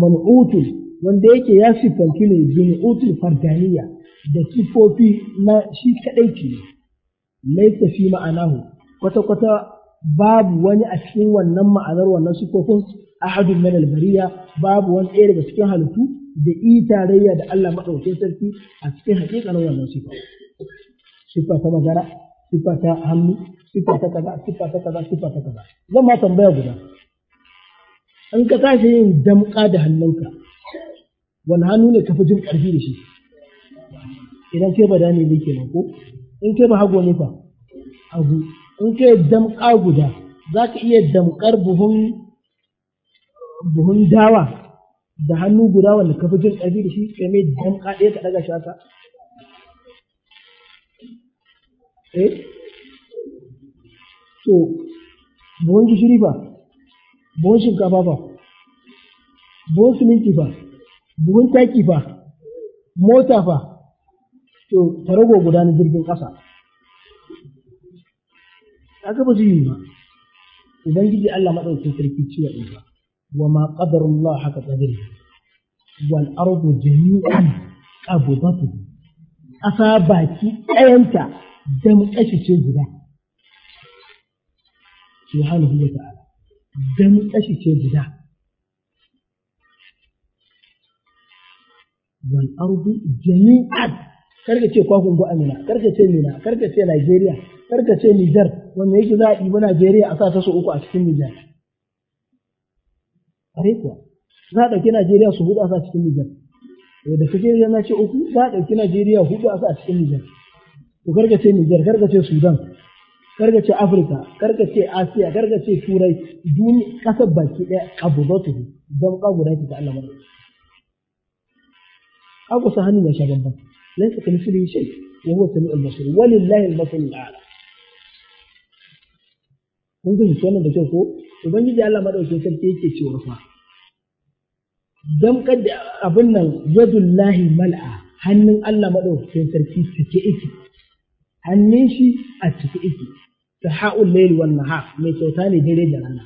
man'utul wanda yake ya siffanci ne bin'utul fardaniya da sifofi na shi kaɗai ke laisa fi ma'anahu kwata-kwata babu wani a cikin wannan ma'anar wannan sifofin ahadun min albariya babu wani ɗaya daga cikin halittu da i da Allah madaukakin sarki a cikin hakikanin wannan sifa sifa ta magana Sifata ta hannu sifata ta kaza siffa ta kaza siffa ta kaza zan ma tambaya guda in ka tashi yin damƙa da hannunka wani hannu ne kafa jin ƙarfi da shi idan ke ba da ne ke ko in ke ba hago ne fa hagu in ke damƙa guda za ka iya damƙar buhun buhun dawa da hannu guda wanda kafa jin ƙarfi da shi kai mai damƙa ɗaya ka ɗaga shi haka eh to buhun gishiri ba buhun shinkafa ba buhun siminti ba buhun taki ba mota ba to tarago guda na jirgin ƙasa aka ba yi ba ubangiji Allah madaukakin sarki ciwa din ba wa ma qadarullah haka qadari wal ardu jami'an qabdatu asa baki ɗayanta damƙashi ce guda subhanahu wa ta'ala damƙashi ce guda wal ardu jami'an karka ce kwakwan go amina karka ce mina karka ce Najeriya karka ce Niger wanda yake za a ɗiba Najeriya a sa ta su uku a cikin Niger are kuwa za a ɗauki Najeriya su huɗu a sa cikin Niger da kake yana ce uku za a ɗauki Najeriya huɗu a sa cikin Niger to karka ce Niger ce Sudan karka ce Afirka karka ce Asiya karka ce Turai duniya kasar baki ɗaya abu da ta dan ka guda ta Allah mai aku sa hannun ya sha bamban laysa kamithlihi shay wa huwa samiul wani walillahi al-masalul a'la kun ga wannan da kyau ko ubangiji Allah sarki yake cewa fa da abin nan yadullahi mal'a hannun Allah maɗaukakin sarki suke iki hannun shi a ciki iki ta ha'ul laili wan nahar mai kyauta ne dare da rana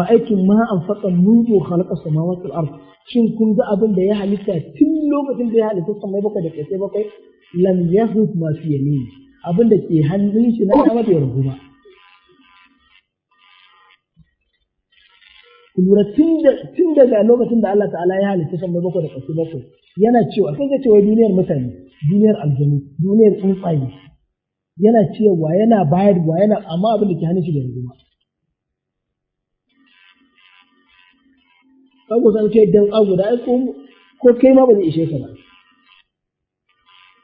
ra'aikin ma anfaqa mundu khalaqa samawati wasu ard shin kun ga abin da ya halitta tun lokacin da ya halitta samai bakwai da kai bakwai lam yahut ma fi yamin abin da ke hannun shi na dama bai rubu ba tun daga lokacin da Allah ta'ala ya halitta samai bakwai da kai bakwai yana cewa sai ga ce wai duniyar mutane duniyar aljanu duniyar tsuntsaye yana cewa yana bayarwa yana amma abin da ke hannun shi da yanzu ba kago zan kai dan abu da ai ko kai ma ba zai ishe ka ba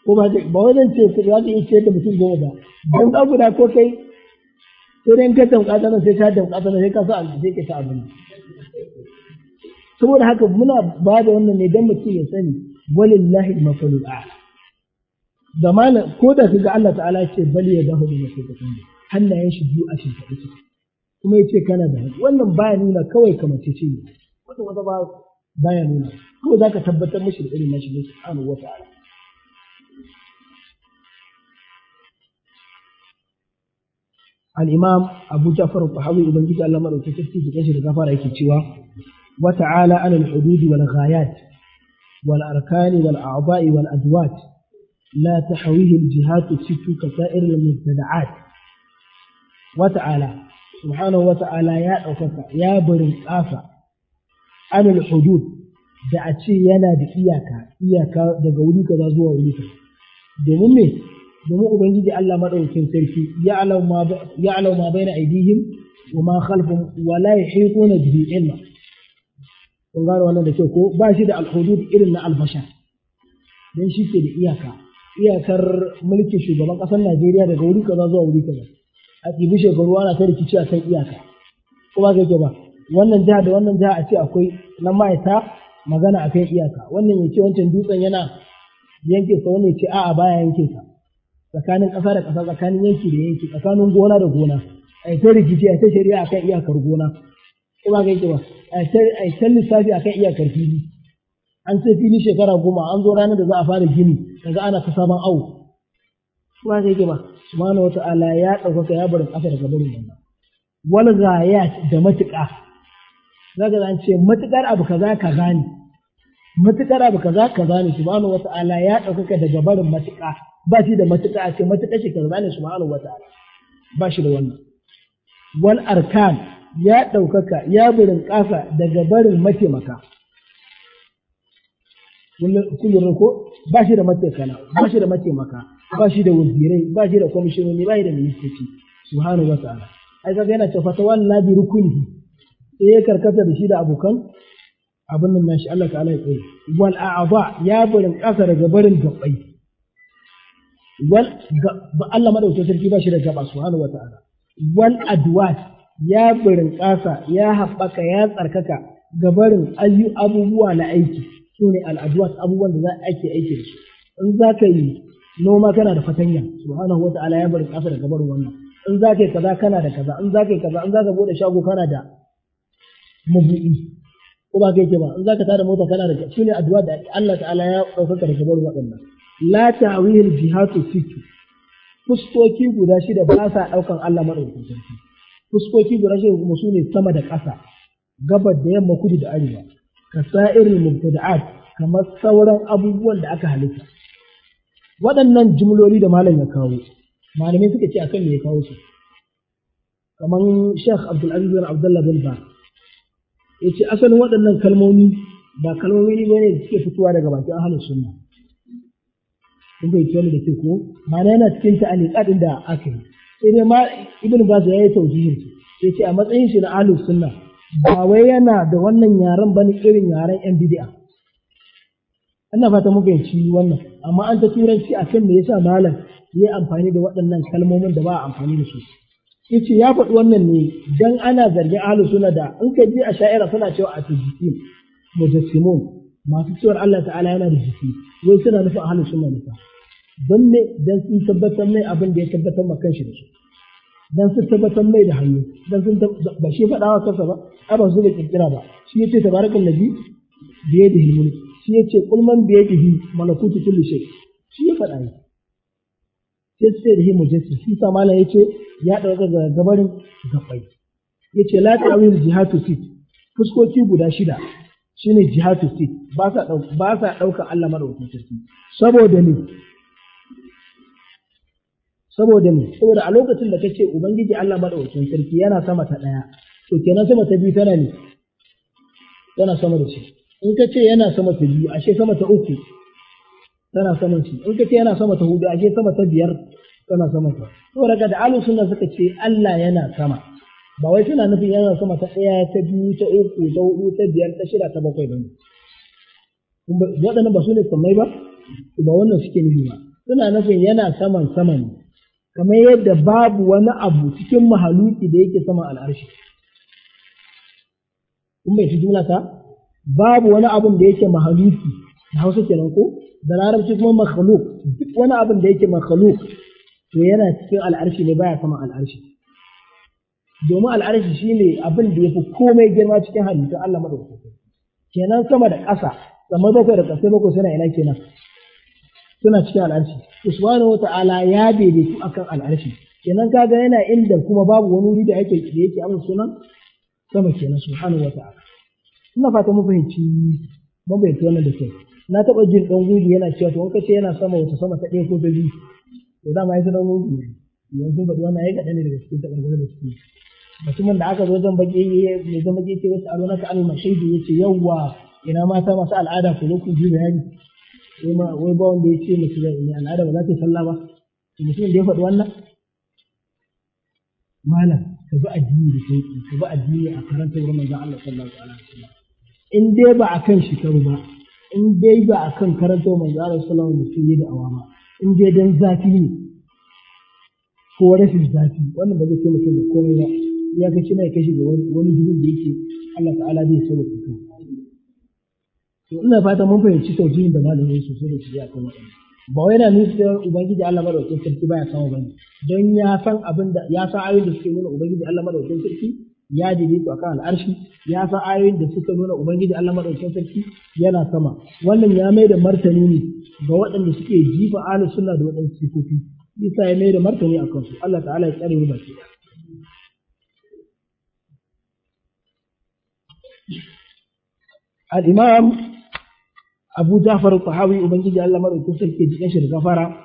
ko ba zai ba wajen ce za ka ishe da mutum goma ba dan abu da ko kai sai dai ka tamka ta sai ka tamka ta sai ka sa sai ka sa abin saboda haka muna ba da wannan ne dan mutum ya sani walillahi masalul a'la da malam ko da kaga Allah ta'ala ya ce bal ya dahu bi mutaqin hannayen shi biyu a cikin kudi kuma yace kana da wannan baya nuna kawai kamace ne wata wata ba baya nuna ko zaka tabbatar mishi da irin nashi ne subhanahu wa ta'ala al-imam Abu Ja'far al-Tahawi ubangiji Allah madaukakin sarki da kanshi da gafara yake cewa wa ta'ala ala al-hudud wal ghayat wal arkani wal a'dha'i wal adwat لا تحويه الجهات الست كسائر المبتدعات وتعالى سبحانه وتعالى يا أوكاكا يا برن آفا عن الحدود da a ce yana da iyaka iyaka daga wuri kaza zuwa wuri kaza domin me domin ubangiji Allah madaukakin sarki ya'lamu ma baina aidihim wa ma khalfahum wa la yuhituna bihi ilma kun gano wannan da kyau ko ba shi da alhudud irin na albasha dan shi ke da iyaka iyakar mulkin shugaban ƙasar Najeriya daga wuri kaza zuwa wuri kaza a bi shekaru ana ta rikici a kan iyaka kuma ga ke ba wannan jiha da wannan jiha a ce akwai na ma'aita magana a kan iyaka wannan ya ce wancan dutsen yana yanke sa wannan ya ce a'a baya yanke sa tsakanin ƙasa da ƙasa tsakanin yanki da yanki tsakanin gona da gona a ta rikici a ta shari'a a kan iyakar gona kuma ga ke ba a ta lissafi a kan iyakar fili an sai fili shekara goma an zo ranar da za a fara gini kaga ana ta saman awo ba zai ke ba wata ala ya ɗaukaka ya barin ƙasa daga barin wannan wal ghayat da matuƙa zaka zan ce matuƙar abu kaza kaza ne matuƙar abu kaza kaza ne wata ala ya ɗaukaka daga barin matuƙa ba shi da matuƙa a ce matuƙa shi kaza ne subhanahu wata'ala ba shi da wannan wal arkan ya ɗaukaka ya burin ƙasa daga barin mataimaka kullum ko ba shi da matakala ba shi da mataimaka ba shi da wazirai ba shi da kwamishinoni ba shi da ministoci subhanahu wa ta'ala ai kaga yana cewa ta wallahi bi rukunihi eh karkata da shi da abokan abin nan nashi Allah ala ya tsaye wal a'ba ya barin kasa daga barin gabbai wal Allah madaukakin sarki ba shi da gaba subhanahu wa ta'ala wal adwat ya barin kasa ya haɓaka ya tsarkaka gabarin ayyu abubuwa na aiki su ne al'adwas abubuwan da za a ake aiki da su in za ka yi noma kana da fatanya subhanahu wata'ala ya bari kasa da gabar wannan in za ka yi kaza kana da kaza in za ka yi kaza in za ka bude shago kana da mabu'i ko ba kai ke ba in za ka tada mota kana da shi ne addu'a da Allah ta'ala ya ɗaukaka da gabar waɗannan la ta'wil jihatu fiki fuskoki guda shida ba sa ɗaukan Allah madaukakin sarki fuskoki guda shida kuma su ne sama da ƙasa gabar da yamma kudu da arewa ka sa'irin mubtada'at kamar sauran abubuwan da aka halitta waɗannan jimloli da malam ya kawo malamai suka ce akan me ya kawo su kamar Sheikh Abdul Aziz bin Abdullah bin Ba ce asalin waɗannan kalmomi ba kalmomi ne bane suke fitowa daga bakin ahlus sunna kun bai tsaye da ke ko mana yana cikin ta aliqadin da aka yi sai dai ma Ibn Baz ya yi su, ya ce a matsayin shi na ahlus sunna ba yana da wannan yaren bani irin yaren yan bidiya ina fata mu fahimci wannan amma an ta turanci a kan me yasa malam ya amfani da waɗannan kalmomin da ba a amfani da su yace ya faɗi wannan ne dan ana zargin ahlus suna da in ka ji a sha'ira suna cewa a tajisim mujassimun masu cewar Allah ta'ala yana da jiki wai suna nufin ahlus suna ne fa dan don dan sun tabbatar mai abin da ya tabbatar ma kanshi da shi dan sun tabbatar mai da hannu dan sun ba shi faɗa wa kansa ba a' ba su da kirkira ba shi yace tabarakan nabi bi yadihi mulk shi yace kul man bi hi malakutu kulli shay shi ya faɗa sai sai da himu jesse shi sa malam yace ya dauka ga gabarin gabai yace la ta'wil jihatu sit fuskoki guda shida shine jihatu fi ba sa ba sa dauka Allah madaukakin sarki saboda ne saboda mu saboda a lokacin da kace ubangiji Allah madaukakin sarki yana sama ta daya to kenan sama ta biyu tana ne tana sama da shi in kace yana sama ta biyu ashe sama ta uku tana sama shi in kace yana sama ta hudu ashe sama ta biyar tana sama ta saboda ga da sunna suka ce Allah yana sama ba wai suna nufin yana sama ta daya ta biyu ta uku ta hudu ta biyar ta shida ta bakwai bane waɗannan ba su ne sammai ba ba wannan suke nufi ba suna nufin yana saman saman ne kamar yadda babu wani abu cikin mahaluki da yake sama al'arshi kun bai jumla ta babu wani abun da yake mahaluki da hausa kenan ko da larabci kuma makhluk duk wani abun da yake makhluk to yana cikin al'arshi ne baya sama al'arshi domin al'arshi shine abin da yafi komai girma cikin halittu Allah madaukaki kenan sama da ƙasa sama bakwai da ƙasa bakwai suna ina kenan suna cikin al'arshi subhanahu wata'ala ya daidaitu akan al'arshi kenan kaga yana inda kuma babu wani wuri da ake da yake amsa sunan sama kenan subhanahu wata'ala ina fata mu fahimci mun bayyana wannan da kyau na taba jin dan gudu yana cewa to wanka ce yana sama wata sama ta ɗaya ko ta biyu to dama ya sanar gudu yanzu ba wannan ai kaɗan ne daga cikin taɓarɓar da suke mutumin da aka zo zan baƙi mai zan baƙi ce wasu aro na ka alma shaidu ya ce yawwa ina mata masu al'ada ku zo ku ji bayani wai wai ba wanda ya ce mace ne? al'ada ba za ta yi sallah ba mutumin da ya faɗi wannan malam ka bi addini da sauki ka bi addini a karanta wurin manzon Allah sallallahu alaihi wasallam in dai ba akan shekaru ba in dai ba akan karanta manzon Allah sallallahu alaihi wasallam mutum da awama in dai dan zafi ne ko rashin zafi wannan ba zai kai mutum da komai ba ya kace mai kashi ga wani dubin da yake Allah ta'ala zai sauka to ina fata mun fahimci tauhidin da malamin su sosai da shi akan waɗannan ba wai yana nufin ubangiji Allah madaukakin sarki baya san ne don ya san abin da ya san ayoyin da suke nuna ubangiji Allah madaukakin sarki ya daidaito akan al'arshi ya san ayoyin da suka nuna ubangiji Allah madaukakin sarki yana sama wannan ya mai da martani ne ga waɗanda suke jifa ahlus sunna da waɗansu sifofi isa ya mai da martani a kansu Allah ta'ala ya tsare mu ba al-imam أبو جعفر الطحاوي وبنجي جعل الله مرء كل سلكي جئن شرقفارا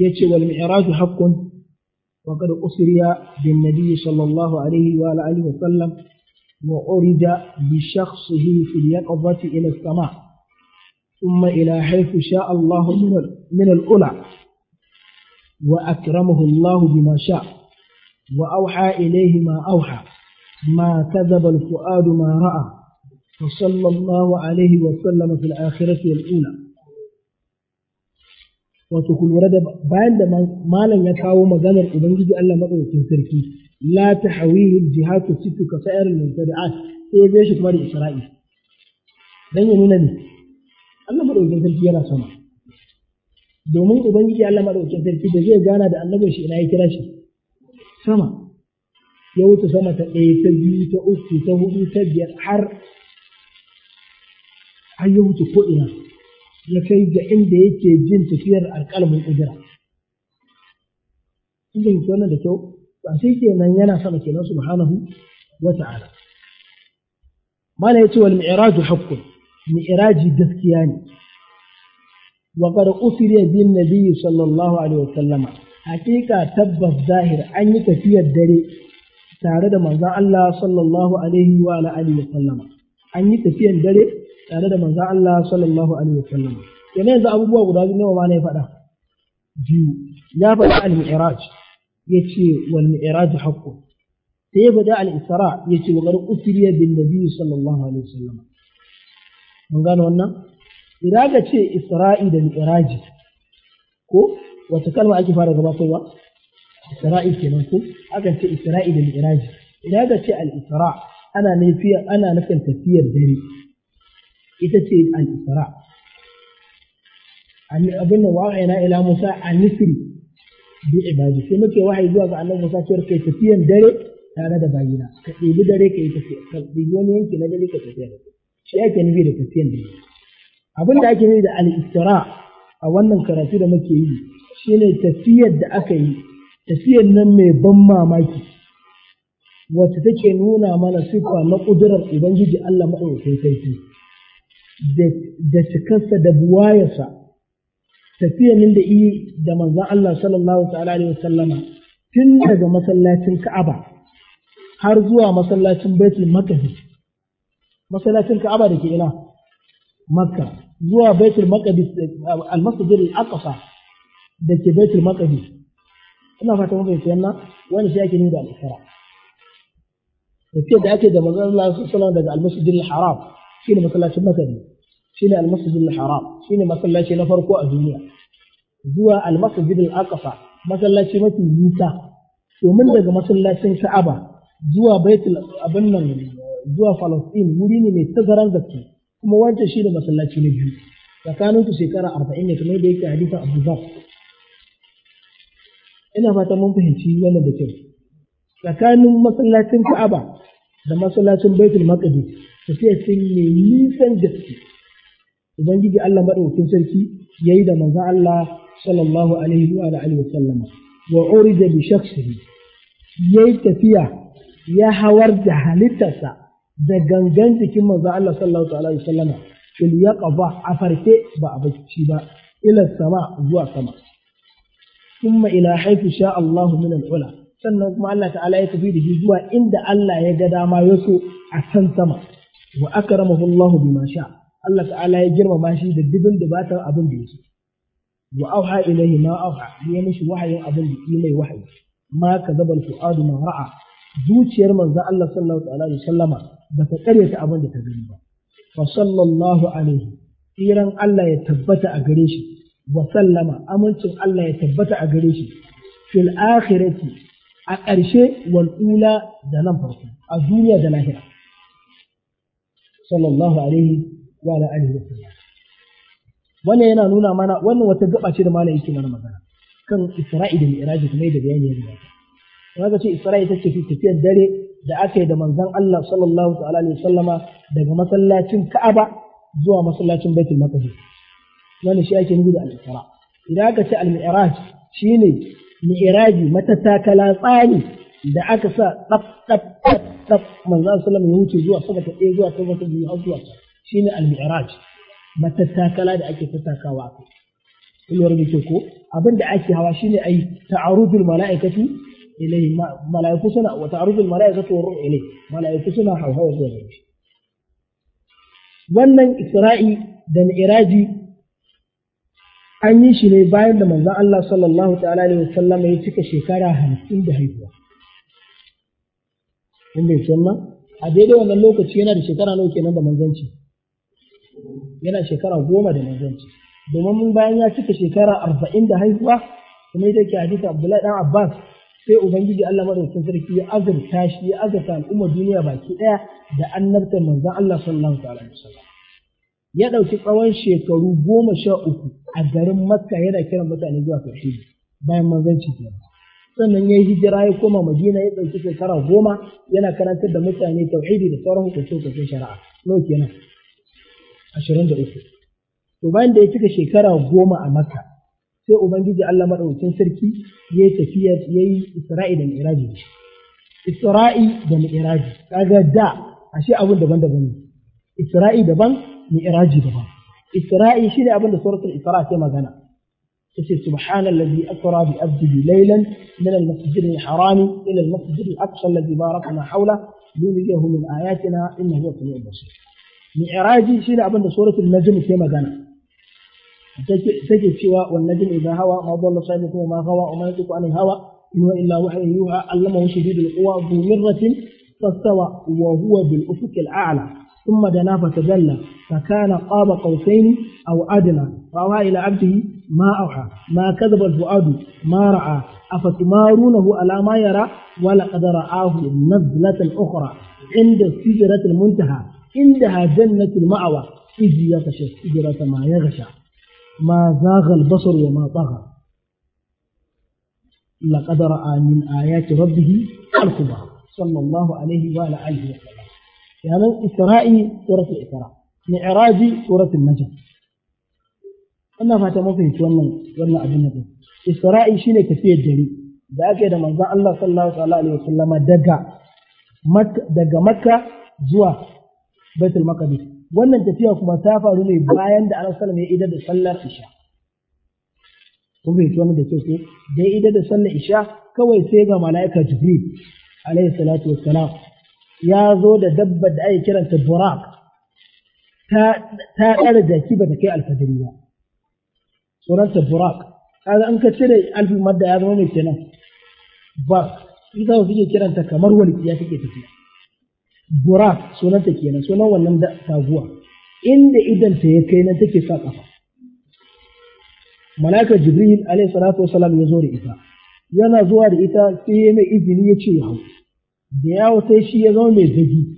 يتشي والمعراج حق وقد أسري بالنبي صلى الله عليه وعلى آله وسلم وأرد بشخصه في اليقظة إلى السماء ثم إلى حيث شاء الله من الأولى وأكرمه الله بما شاء وأوحى إليه ما أوحى ما كذب الفؤاد ما رأى فصلى الله عليه وسلم في الآخرة الأولى وتقول ورد بعد ما ما لم يتعاو مجانر أبنجي ألا مدعو تنتركي لا تحويه الجهات الست كسائر المنتدعات إيه بيش تماري إسرائيل دين ينونني ألا مدعو تنتركي يا رسول domin ubangiji Allah madaukakin sarki da zai gana da annabin shi ina ya kira shi sama ya wuce sama ta ɗaya ta biyu ta uku ta hudu ta biyar har har ya wuce ko ina ya kai ga inda yake jin tafiyar alƙalamin ƙudura in da yake wannan da kyau ba sai ke nan yana sama kenan subhanahu wa ta'ala mala yace wal mi'raju haqqun mi'raji gaskiya ne wa qad usriya bin nabiy sallallahu alaihi wa sallama hakika tabbas zahir an yi tafiyar dare tare da manzon Allah sallallahu alaihi wa alihi wa sallama an yi tafiyar dare tare da manzon Allah sallallahu alaihi wasallam kenan yanzu abubuwa guda biyu nawa ma ne faɗa biyu ya faɗa al-mi'raj yace wal mi'raj haqqun sai ya faɗa al-isra yace wa garin usriya bin nabi sallallahu alaihi wasallam mun gano wannan iraga ce isra'i da mi'raji ko wata kalma ake fara gabatarwa isra'i kenan ko akan ce isra'i da mi'raji idan ka ce al-isra ana nufin ana nufin tafiyar dare ita ce al-isra abin da na ila musa a nisri bi ibadi sai muke wahayi zuwa ga annabi musa cewa kai tafiyan dare tare da bayina ka ɗebi dare ka yi tafiya ka ɗebi wani yanki na dare ka tafiya shi ake nufi da tafiyan dare abin da ake nufi da al-isra a wannan karatu da muke yi shine tafiyar da aka yi tafiyar nan mai ban mamaki wacce take nuna mana siffa na ƙudurar Ubangiji Allah maɗaukakin sarki da cikarsa da buwayarsa tafiya nan da yi da manzon Allah sallallahu ta'ala alaihi sallama tun daga masallacin Ka'aba har zuwa masallacin Baitul Maqdis masallacin Ka'aba da ke ina Makka zuwa Baitul Maqdis al-Masjid al-Aqsa da ke Baitul Maqdis ina fata mun fahimci wannan wani shi ake nuna da al-Isra tafiyar da ake da manzon Allah sallallahu alaihi wasallam daga al-Masjid al-Haram shine masallacin Makka ne shine al-Masjidil Haram shine masallaci na farko a duniya zuwa al-Masjidil Aqsa masallaci mafi nisa domin daga masallacin Sha'aba zuwa Baitul abin nan zuwa Palestine wuri ne mai tazaran gaske kuma wancan shine masallaci na biyu tsakanin su shekara 40 ne kamar da yake hadisin Abu Zar ina fata mun fahimci wannan da kyau tsakanin masallacin Ka'aba da masallacin Baitul Maqdis tafiya mai yi nisan gaske ubangiji Allah madaukakin sarki yayi da manzon Allah sallallahu alaihi wa alihi wa sallama wa urida bi shakhsihi yayi tafiya ya hawar da halittarsa da gangan jikin manzon Allah sallallahu alaihi wa sallama fil yaqba a farke ba a bacci ba ila sama zuwa sama kuma ila haifu sha Allah min al-ula sannan kuma Allah ta'ala ya tafi da shi zuwa inda Allah ya ga dama ya so a san sama wa akramahu Allah bima sha Allah ta'ala ya girmama shi da dubin da ba ta abin da yake wa auha ilayhi ma auha ya mishi wahayin abin da yi mai wahayi ma kadaba al-fuadu ma ra'a zuciyar manzon Allah sallallahu alaihi wasallama ba ta karyata abin da ta gani ba fa sallallahu alaihi iran Allah ya tabbata a gare shi wa sallama amincin Allah ya tabbata a gare shi fil akhirati a ƙarshe wal'ula da nan farko a duniya da lahira sallallahu alaihi wa ala alihi wa sallam wannan yana nuna mana wannan wata gaba ce da malam yake mana magana kan Isra'i da Mi'raj kuma da bayani ya gabata kaga ce Isra'i ta ce tafiyar dare da aka yi da manzon Allah sallallahu ta'ala alaihi sallama daga masallacin Ka'aba zuwa masallacin Baitul Maqdis wannan shi ake nufi da al-Isra idan aka ce al-Mi'raj shine mi'raji matattakala tsani da aka sa tsaf tsaf tsaf manzo sallam ya wuce zuwa sama ta ɗaya zuwa sama ta biyu har zuwa shine al matattakala da ake tattakawa a kai kullu rabbi ke ko abin da ake hawa shine ai ta'arudul mala'ikatu ilayhi mala'iku suna wa wa mala'iku suna hawa zuwa gare wannan isra'i da mi'raji an yi shi ne bayan da manzon Allah sallallahu ta'ala alaihi ya cika shekara 50 da haihuwa mun bai wannan a daidai wannan lokaci yana da shekara nawa kenan da manzanci yana shekara goma da manzanci domin mun bayan ya cika shekara arba'in da haihuwa kuma yadda ke hadisi abdullahi dan abbas sai ubangiji allah madaukakin sarki ya azurta shi ya azurta al'ummar duniya baki daya da annabtar manzon allah sallallahu alaihi wasallam ya ɗauki tsawon shekaru goma sha uku a garin makka yana kiran mutane zuwa tauhidi bayan manzanci kenan sannan ya yi hijira ya koma madina ya ɗauki shekara goma yana karantar da mutane tauhidi da sauran hukunce-hukuncen shari'a nawa kenan ashirin da uku to bayan da ya cika shekara goma a makka sai ubangiji allah maɗaukin sarki ya yi tafiya ya yi isra'i da mi'raji isra'i da mi'raji kaga da ashe abin daban-daban ne isra'i daban mi'raji daban isra'i shine abin da suratul isra ke magana يصير سبحان الذي أسرى بأبده ليلا من المسجد الحرام إلى المسجد الأقصى الذي باركنا حوله لنريه من آياتنا إنه هو السميع البصير معراجي شيل أبن سورة النجم كما قال تجد سوى والنجم إذا هوى ما ضل صاحبكم وما غوى وما ينطق عن الهوى إن هو إلا وحي يوحى علمه شديد القوى ذو مرة فاستوى وهو بالأفق الأعلى ثم دنا فتجلى فكان قاب قوسين أو أدنى فاوى إلى عبده ما أوحى ما كذب الفؤاد ما رأى أفتمارونه على ما يرى ولقد رآه نزلة أخرى عند سجرة المنتهى عندها جنة المأوى إذ يغشى سجرة ما يغشى ما زاغ البصر وما طغى لقد رأى من آيات ربه الكبرى صلى الله عليه وعلى آله وسلم يعني إسرائي سورة الإسراء معراجي سورة النجم أنا فاتا مفهي وانا وانا أبنى إسرائي شيني كفية جري da ake da manzon Allah sallallahu alaihi wasallama daga daga Makka zuwa Baitul wannan tafiya kuma ta faru ne bayan da Annabi sallallahu idar da sallar Isha kun bai wannan da kyau ko da idar da sallar Isha kawai sai ga mala'ika Jibril alaihi salatu wassalam ya zo da dabba da ake kiranta burak ta ɗara jaki ba ta kai alfadari ba sunanta burak kaga an ka cire alfin madda ya zama mai kenan bak ita wasu ke kiranta kamar wani walƙiya take tafiya burak sunanta kenan sunan wannan taguwa inda idan ta ya kai nan take sa kafa malaka jibril alaihi salatu wasalam ya zo da ita yana zuwa da ita sai ya mai izini ya ce ya hau da yawo sai shi ya zama mai zagi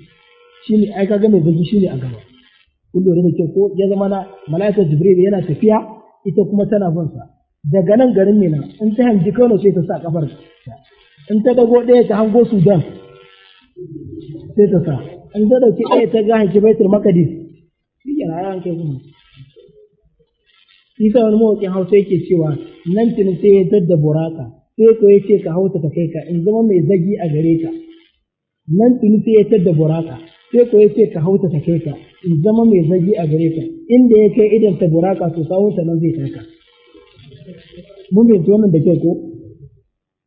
shi ne aika ga mai zagi shi ne a gaba kun lura da kyau ko ya zama na mala'ikar jibril yana tafiya ita kuma tana bin sa daga nan garin mina in ta hanji kano sai ta sa kafar in ta dago ɗaya ta hango sudan sai ta sa in ta dauki ɗaya ta ga hanki baitul makadis shi ke na kai kuma isa wani mawaƙin hausa yake cewa nan tuni sai ya dadda buraka sai ko ya ce ka hausa ta kai ka in zama mai zagi a gare ka nan tuni sai ya tadda buraka sai ko yace ka hauta ta kai ka in zama mai zagi a gare ka inda ya kai idan ta buraka to sawun nan zai kai ka mun bai wannan da kyau ko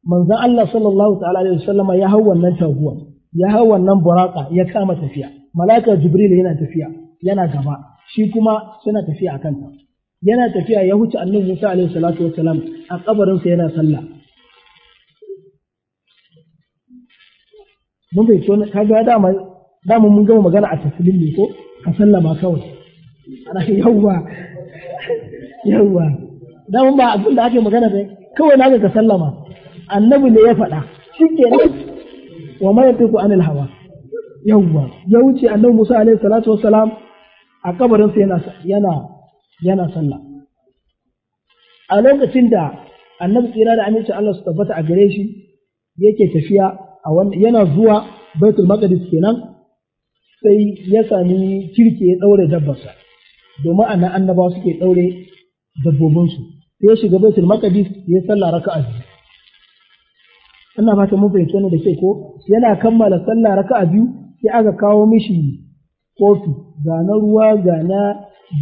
manzon Allah sallallahu ta'ala alaihi wasallam ya hau wannan taguwa ya hau wannan buraka ya kama tafiya malaka jibril yana tafiya yana gaba shi kuma suna tafiya akan ta yana tafiya ya huce annabi Musa alaihi salatu wasalam a kabarinsa yana sallah mun bai tona ga dama dama mun gama magana a taslim ne ko ka sallama kawai ana yawwa yawwa dama ba abin da ake magana dai kawai na ka sallama annabi ne ya faɗa shikenan wa ma yatiku anil hawa yawwa ya wuce annabi Musa alaihi salatu wassalam a kabarin sa yana yana yana sallah a lokacin da annabi tsira da amincin Allah su tabbata a gare shi yake tafiya yana zuwa baitul maqdis kenan sai ya sami kirki ya daure dabbarsa domin anan annabawa suke daure dabbobinsu sai ya shiga baitul maqdis ya salla raka'a biyu ba ta mun fahimci wannan da ke ko yana kammala salla raka'a biyu sai aka kawo mishi kofi ga na ruwa ga na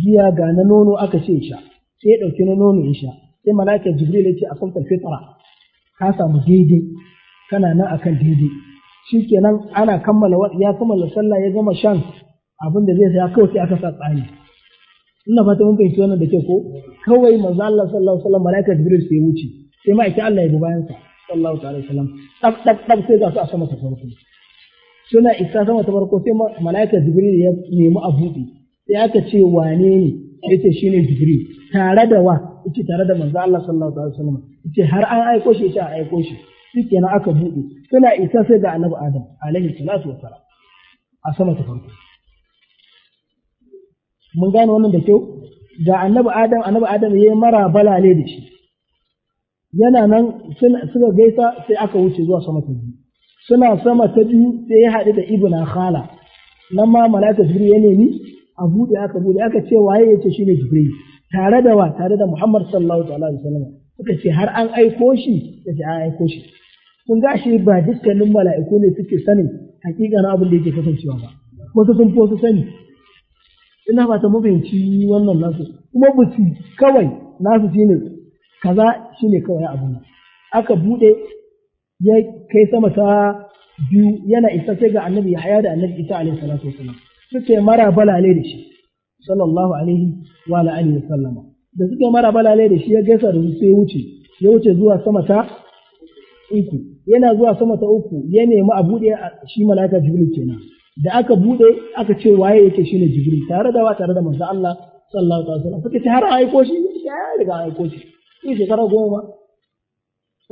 giya ga na nono aka ce sha sai ya dauki na nono ya sha sai mala'ikar jibril ya ce a fitra ka samu daidai kana nan akan daidai shikenan ana kammala ya kammala sallah ya gama shan abin da zai saya kawai sai aka sa tsani ina fata mun fahimci wannan da ke ko kawai manzo Allah sallallahu alaihi wasallam malaika jibril sai wuce sai ma aiki Allah ya bi bayan sa sallallahu alaihi wasallam dab dab dab sai ga su a sama ta farko suna isa sama ta farko sai malaika jibril ya nemi a buɗe sai aka ce wane ne yace shine jibril tare da wa yace tare da manzo Allah sallallahu alaihi wasallam yace har an aiko shi yace a aiko shi shikenan aka buɗe suna isa sai ga annabi adam alaihi salatu wassalam a sama ta farko mun gane wannan da kyau ga annabi adam annabi adam yayi mara balale da shi yana nan suka gaisa sai aka wuce zuwa sama ta biyu suna sama ta biyu sai ya haɗu da ibna khala nan ma malaka jibril ya nemi a buɗe aka buɗe aka ce waye yace shine jibril tare da wa tare da muhammad sallallahu alaihi wasallam suka ce har an aiko shi ce an aiko shi kun ga shi ba dukkanin mala'iku ne suke sanin hakika na abin da yake kasancewa ba wasu sun fi sani ina ba ta mafahimci wannan nasu kuma ba su kawai nasu shine kaza shine kawai ne aka bude ya kai sama ta biyu yana isa sai ga annabi Yahaya da annabi Isa alaihi salatu wasallam suke mara balale da shi sallallahu alaihi wa alihi wasallama da suke mara balale da shi ya gaisa da su sai wuce ya wuce zuwa sama ta uku yana zuwa sama ta uku ya nemi a buɗe shi mala'ika jibril kenan da aka buɗe aka ce waye yake shine jibril tare da wa tare da manzo Allah sallallahu alaihi wasallam suka har aiko shi ya riga aiko shi shi shekara goma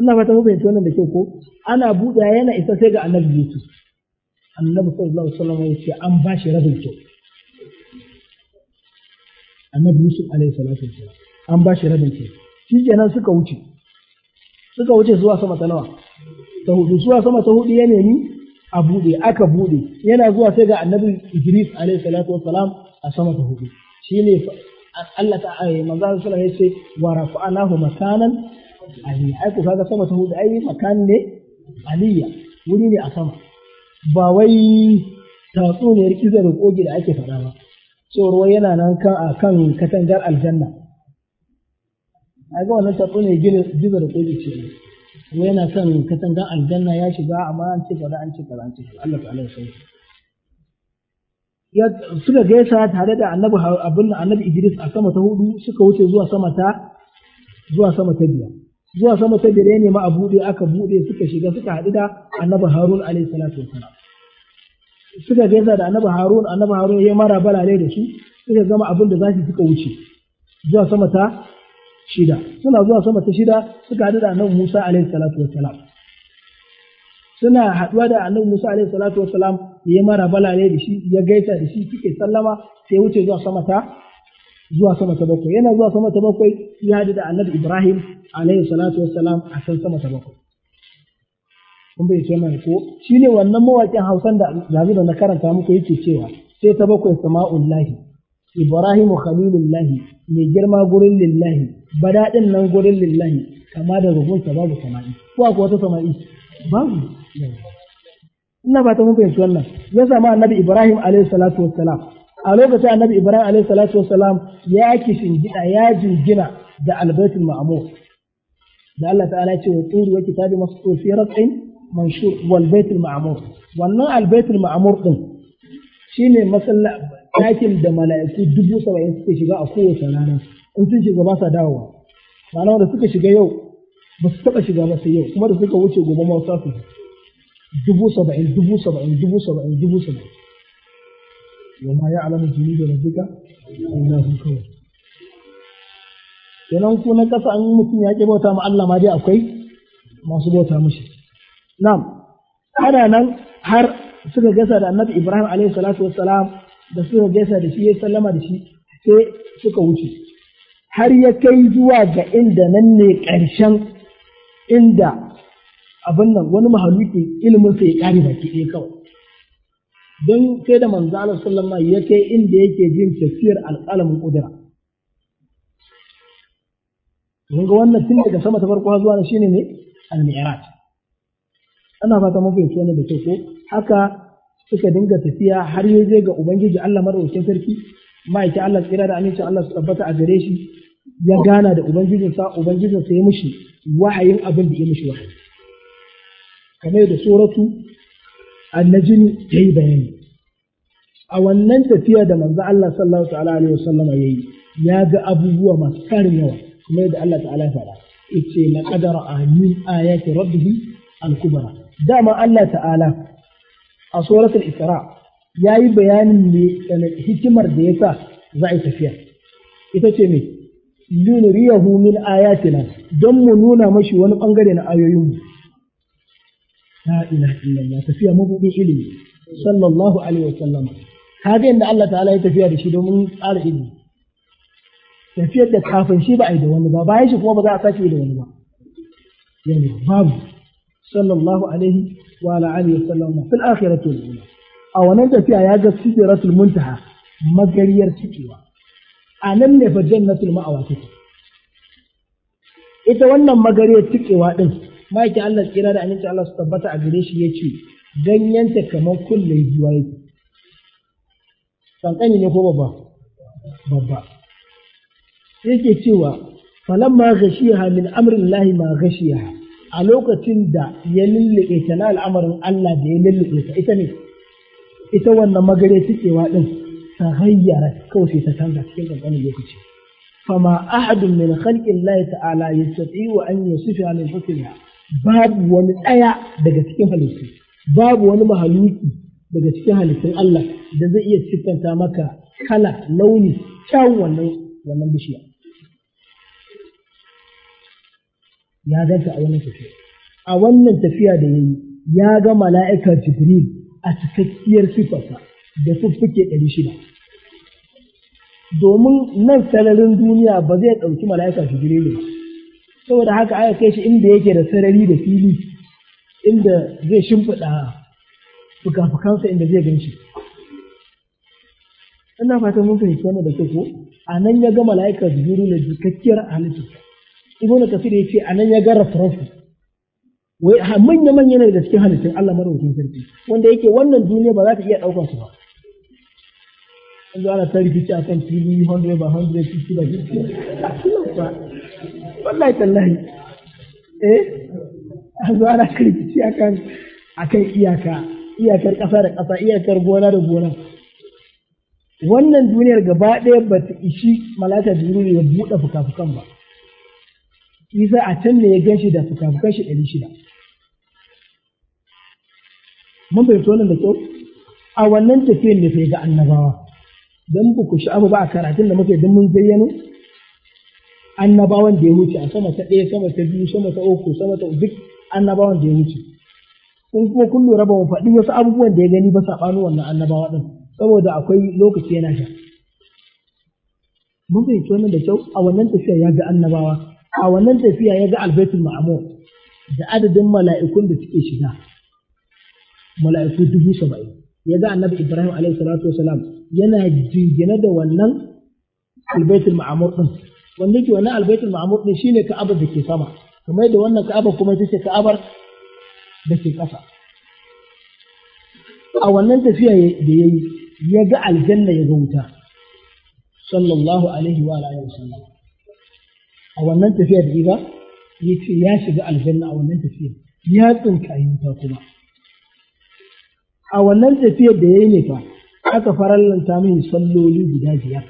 ina fata mu bayyana wannan da kyau ko ana buɗe yana isa sai ga annabi Yusuf annabi sallallahu alaihi wasallam ya ce an ba shi rabin kyau annabi Yusuf alaihi salatu wasallam an ba shi rabin kyau shi kenan suka wuce suka wuce zuwa sama ta nawa ta hudu zuwa sama ta hudu ya nemi a buɗe aka buɗe yana zuwa sai ga annabi Idris alaihi salatu wassalam a sama ta hudu shine Allah ta ayi eh, manzo Allah sallallahu alaihi wasallam yace wa rafa'nahu makanan aliyya ai ku kaga sama ta hudu ai makan ne aliyya wuri ne a sama ba wai tatsuniyar kizar kogi da ake faɗa ba tsoron yana nan kan a kan katangar aljanna a ga wani tatsu ne gizo da kogi ce ne yana son katangar aljanna ya shiga amma an ce kaza an ce kaza an ci kaza Allah ta'ala ya sauke ya suka gaisa tare da annabi abin annabi Idris a sama ta hudu suka wuce zuwa sama ta zuwa sama ta biyar zuwa sama ta biyar ne ma a aka bude suka shiga suka haɗu da annabi Harun alaihi salatu wasalam suka gaisa da annabi Harun annabi Harun ya mara balale da su suka gama abin da za su suka wuce zuwa sama ta shida suna zuwa sama ta shida suka haɗu da annabi Musa alaihi salatu wassalam suna haɗuwa da annabi Musa alaihi salatu wassalam ya mara balale da shi ya gaita da shi kike sallama sai wuce zuwa sama ta zuwa sama ta bakwai yana zuwa sama ta bakwai ya haɗu da annabi Ibrahim alaihi salatu wassalam a san sama ta bakwai kun bai ce mai ko shine wannan mawaƙin Hausan da yanzu da na karanta muku yake cewa sai ta bakwai sama'ullahi Ibrahimu khalilullahi mai girma gurin lillahi badadin nan gurin lillahi kama da rubunsa babu sama'i ko akwai wata sama'i babu ina fata mun fahimci wannan ya samu annabi ibrahim alaihi salatu wassalam a lokacin annabi ibrahim alaihi salatu wassalam ya kishin gida ya jingina da albaitul ma'mur da Allah ta'ala ce wa turi wa kitabi mastur fi raqin manshur wal baitul ma'mur wannan albaitul ma'mur din shine masallaci ɗakin da mala'iku dubu saba'in suke shiga a kowace rana in sun shiga ba sa dawowa ma'ana wanda suka shiga yau ba su taɓa shiga ba sai yau kuma da suka wuce gobe ma wasa su dubu saba'in dubu saba'in dubu saba'in dubu saba'in wa ma ya alamu jini da rabbika illahu kawai kenan ku na ƙasa an mutum ya ƙi bauta ma Allah ma dai akwai masu bauta mushi na'am ana nan har suka gasa da annabi Ibrahim alaihi salatu wassalam da suka gaisa da shi ya sallama da shi sai suka wuce har ya kai zuwa ga inda nan ne ƙarshen inda abin nan wani mahaluki ilimin sai ya ƙare baki ɗaya kawai don sai da manzo sallama ya kai inda yake jin tafiyar alƙalamin ƙudura mun ga wannan tun daga sama ta farko zuwa na shine ne al-mi'raj ana fata mafi fahimci wannan da teku, haka suka dinga tafiya har ya je ga ubangiji Allah madaukakin sarki ma'aikin Allah tsira da amincin Allah su tabbata a gare shi ya gana da ubangijinsa ubangijinsa ya mishi wahayin abin da ya mishi wahayi kamar da suratu annajini ta yi bayani a wannan tafiya da manzo Allah sallallahu ta'ala alaihi wasallama yayi ya ga abubuwa masu tarin yawa kamar yadda Allah ta'ala ya faɗa yace la qadara amin ayati rabbih al-kubra dama Allah ta'ala a suratul isra yayi bayanin ne hikimar da yasa za a yi tafiya ita ce me linuriyahu min ayatina don mu nuna mashi wani bangare na ayoyinmu la ilaha illallah tafiya mabudin ilimi sallallahu alaihi wa sallam kaga inda Allah ta'ala ya tafiya da shi domin tsara ilimi tafiyar da kafin shi ba a yi da wani ba bayan shi kuma ba za a sake da wani ba yana babu صلى الله عليه وعلى آله وسلم في الآخرة والأولى أو ننت فيها يا سدرة المنتهى مقرير تكيوا أنمني فجنة المأوى تكيوا ita wannan magaryar tikewa din maki Allah kira da aminci Allah su tabbata a gare shi ya ce ganyenta kamar kulle juwa yake kankani ne ko babba babba yake cewa falamma gashiya min amrin lahi ma a lokacin da ya lullube ta na al'amarin Allah da ya lullube ta ita ne ita wannan magare cikewa din ta hayyara kawai sai ta canza cikin kankanin lokaci fama ahadun min khalqin Allah ta'ala yastati'u an yasifa min hukmiha babu wani ɗaya daga cikin halittu babu wani mahaluki daga cikin halittun Allah da zai iya siffanta maka kala launi kyawun wannan wannan bishiya ya ganta a wannan tafiya a wannan tafiya da yayi ya ga mala'ika jibril a cikakkiyar sifarsa da fuffuke ɗari shida domin nan sararin duniya ba zai ɗauki mala'ika jibril ba saboda haka aka kai shi inda yake da sarari da fili inda zai shimfiɗa fuka-fukansa inda zai gan shi ina fatan mun fahimci wannan da ko a nan ya ga mala'ika jibril da cikakkiyar halittarsa Ibn kasir ya ce nan ya ga rafrafu wai a manya manya ne da cikin halittun Allah madaukakin sarki wanda yake wannan duniya ba za ta iya ɗaukar su ba an ana ta rikici kan fili 100 ba 100 50 ba 50 wallahi tallahi eh an zo ana rikici a kan iyaka iyakar ƙasa da ƙasa iyakar gona da gona wannan duniyar gaba ɗaya ba ta ishi malaka jibril ya buɗe fuka-fukan ba Isa a can ne ya gan shi da fukafukan shi ɗari shida. Mun bai tonin da kyau? A wannan tafiyan ne sai ga annabawa. Don ba ku sha'abu ba a karatun da muke don mun zayyano annabawan da ya wuce a sama ta ɗaya, sama ta biyu, sama ta uku, sama ta duk annabawan da ya wuce. Kun kuma kun lura ba mu faɗi wasu abubuwan da ya gani ba saɓanin wannan annabawa ɗin. Saboda akwai lokaci yana sha. Mun bai tonin da kyau a wannan tafiya ya ga annabawa. a wannan tafiya ya ga albaitul ma'amur da adadin mala'ikun da suke shiga mala'iku dubu saba'in ya ga annabi ibrahim alaihi salatu wasalam yana jingina da wannan albaitul ma'amur din wanda ke wannan albaitul ma'amur din shine ka'abar da ke sama kamar da wannan Ka'aba, kuma ita ce ka'abar da ke ƙasa a wannan tafiya da ya yi ya ga aljanna ya ga wuta sallallahu alaihi wa alihi wasallam a wannan tafiyar da ba ya ce ya shiga aljanna a wannan tafiyar ya tsinka yi wuta kuma a wannan tafiyar da ya yi ne fa aka farallanta min salloli guda biyar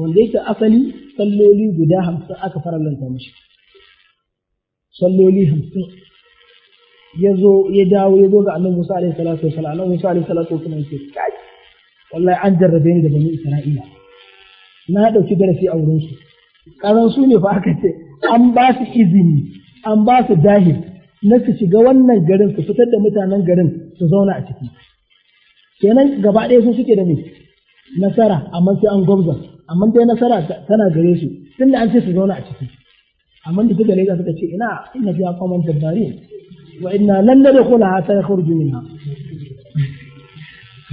wanda yake asali salloli guda hamsin aka farallanta mashi salloli hamsin ya zo ya dawo ya zo ga annabi Musa alaihi salatu wa salam annabi Musa alaihi salatu wa salam ce kai wallahi an jarrabe ni da bani Isra'ila na dauki darasi a wurin su karan su ne fa aka ce an ba su izini an ba su dahil na su shiga wannan garin su fitar da mutanen garin su zauna a ciki kenan gaba ɗaya su suke da mai nasara amma sai an gwabza amma dai nasara tana gare su da an ce su zauna a ciki amma da suka leka suka ce ina ina fiya kwaman tabbari wa ina lan da kula ha ta kharju minha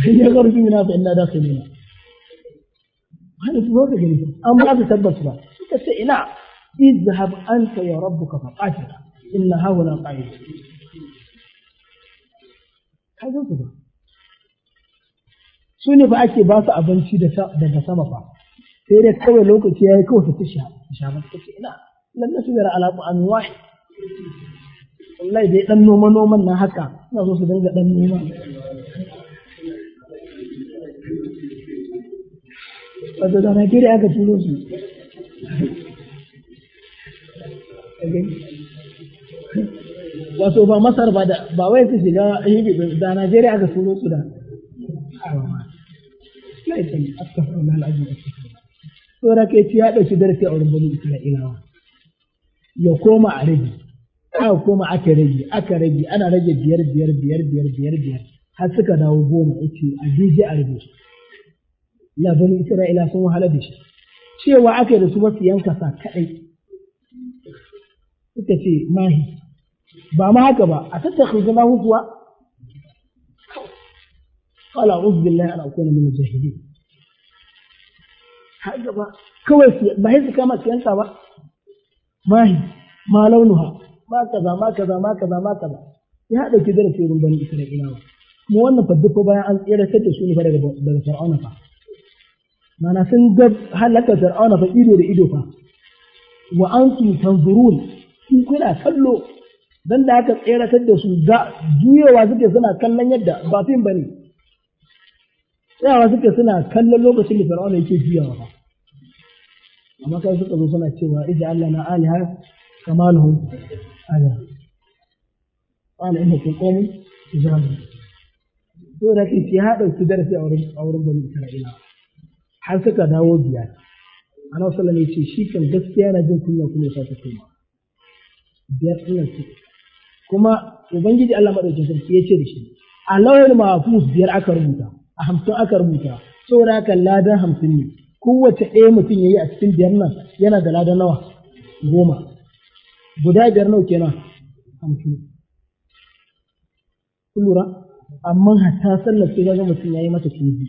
in ya kharju minha fa inna dakhilina hada su zo ka gani an ba su tabbas ba suka ce ina izhab anta ya rabbuka fa qatil inna hauna qa'id kaga su ba su ne ba ake ba su abinci daga sama fa sai dai kawai lokaci ya yi kawai su sha sha ba ta ce ina lan nasu yara ala qa'an wahid wallahi dai dan noma noman na haka ina so su dinga dan noma wato da Najeriya aka turo su wato ba masar ba da ba wai su shiga hibi da najeriya ga turo su da tsora kai ci ya ɗauki darasi a wurin isra'ilawa ya koma a rage aka koma aka rage aka rage ana rage biyar biyar biyar biyar biyar biyar har suka dawo goma ce a bije a rage su la isra'ila sun wahala da shi cewa aka yi da su mafi su yanka sa kaɗai suka ce mahi ba ma haka ba a tattaka zama hutuwa wala uzu billahi ala na mini jahili haka ba kawai su ba sai su kama su yanka ba mahi ma launuha ma kaza ma kaza ma kaza ma kaza ya ki darasi wurin bani isra'ilawa kuma wannan fa bayan an tsira da su ne fa daga daga fa mana sun ga halaka fir'auna fa ido da ido fa wa antum tanzurun kun kula kallo dan da aka tseratar da su ga juyewa suke suna kallon yadda ba fim bane tsayawa suke suna kallon lokacin da fir'auna yake juyawa fa amma kai suka zo suna cewa ija Allah na aliha kamaluhum ala qala innakum qawmun tuzalimun to da kike ya dauki darasi a wurin a wurin bani isra'ila har suka dawo biyar ana wasu lalai ce shi kan gaskiya na jin kunya kuma sa ta kai biyar ɗinnan su kuma ubangiji Allah madaukakin sarki ya ce da shi a lauyin mahfuz biyar aka rubuta a hamsin aka rubuta saboda haka ladan hamsin ne kowace ɗaya mutum ya yi a cikin biyar nan yana da ladan nawa goma guda biyar nawa kenan hamsin kun lura amma hatta sallar sai ga mutum ya yi mata kuma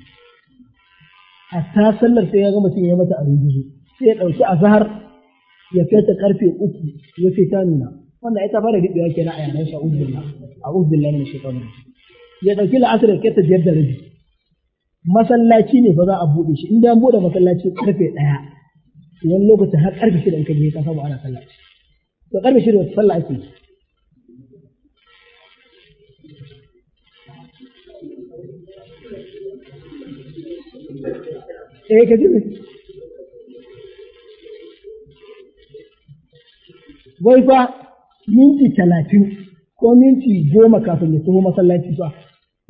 hatta sallar sai ya ga mutum ya mata a rubuzu sai ya ɗauki azhar ya kai ta karfe uku ya ce ta nuna wannan ita fara ya kenan a yanar yanayin sa'udullah a uzbillah min shaitan ya ɗauki la'asar ya kai ta biyar da rabi masallaci ne ba za a buɗe shi inda an buɗe masallaci karfe ɗaya wani lokacin har karfe shida in ka je ka samu ana sallah to karfe shida sallah ake eh ka ji wai fa minti talatin ko minti goma kafin ya taho masallaci ba,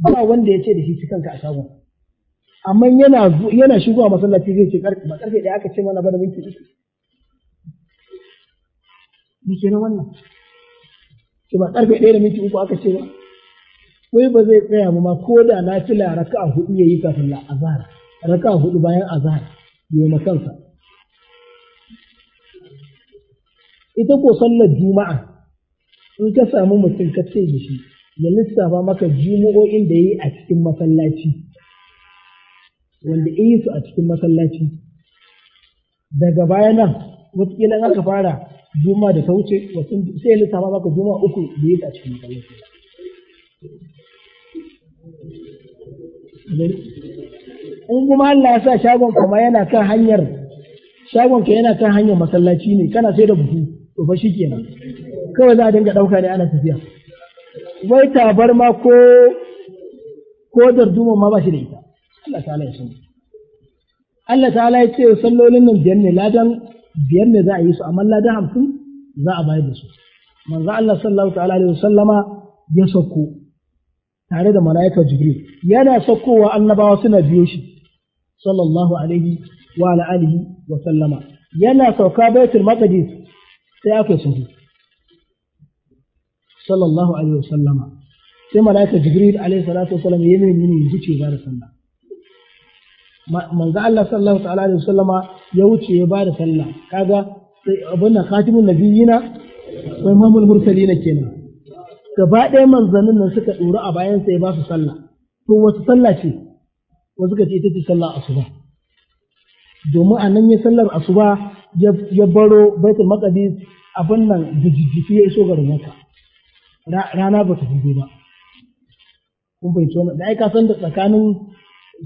ba wanda ya ce da shi ci kanka a shagon amma yana yana shigowa masallaci zai ce karfe ba karfe da aka ce mana ba da minti uku ke na wannan ce ba karfe ɗaya da minti uku aka ce ba wai ba zai tsaya ba ma ko da na fila a hudu ya yi kafin la'azara raka hudu bayan azhar yi kansa ita ko sallar juma'a in ka samu mutum ka ce shi ya lissafa maka juma'o'in da yi a cikin masallaci wanda yi su a cikin masallaci daga baya nan wataƙila aka fara juma'a da ta wuce sai ya lissafa maka juma'a uku da yi a cikin masallaci in kuma Allah ya sa shagon kuma yana kan hanyar shagon ka yana kan hanyar masallaci ne kana sai da buhu to fa shikenan kawai za a dinga dauka ne ana tafiya wai tabar ma ko ko darduma ma ba shi da ita Allah ta'ala ya san Allah ta'ala ya ce sallolin nan biyar ne ladan biyar ne za a yi su amma ladan hamsin za a bayar da su manzo Allah sallallahu ta'ala alaihi wasallama ya sauko tare da mala'ika jibril yana saukowa annabawa suna biyo shi sallallahu alaihi wa ala wa sallama yana sauka baitul maqdis sai aka sufi sallallahu alaihi wa sallama sai malaika jibril alaihi salatu wa sallam yayi mini ne zuci ba da sallah manzo Allah sallallahu sallama ya wuce ya ba da sallah kaga abin nan khatimun nabiyina wa na mursalin kenan gaba ɗaya manzannin nan suka ɗora a bayan sai basu sallah to wasu wasu ka ce ita ce sallar asuba domin a nan ya sallar asuba ya baro baitul maqdis abin nan jijjifi ya iso garin maka rana ba ta fito ba kun bai tona da ai ka san da tsakanin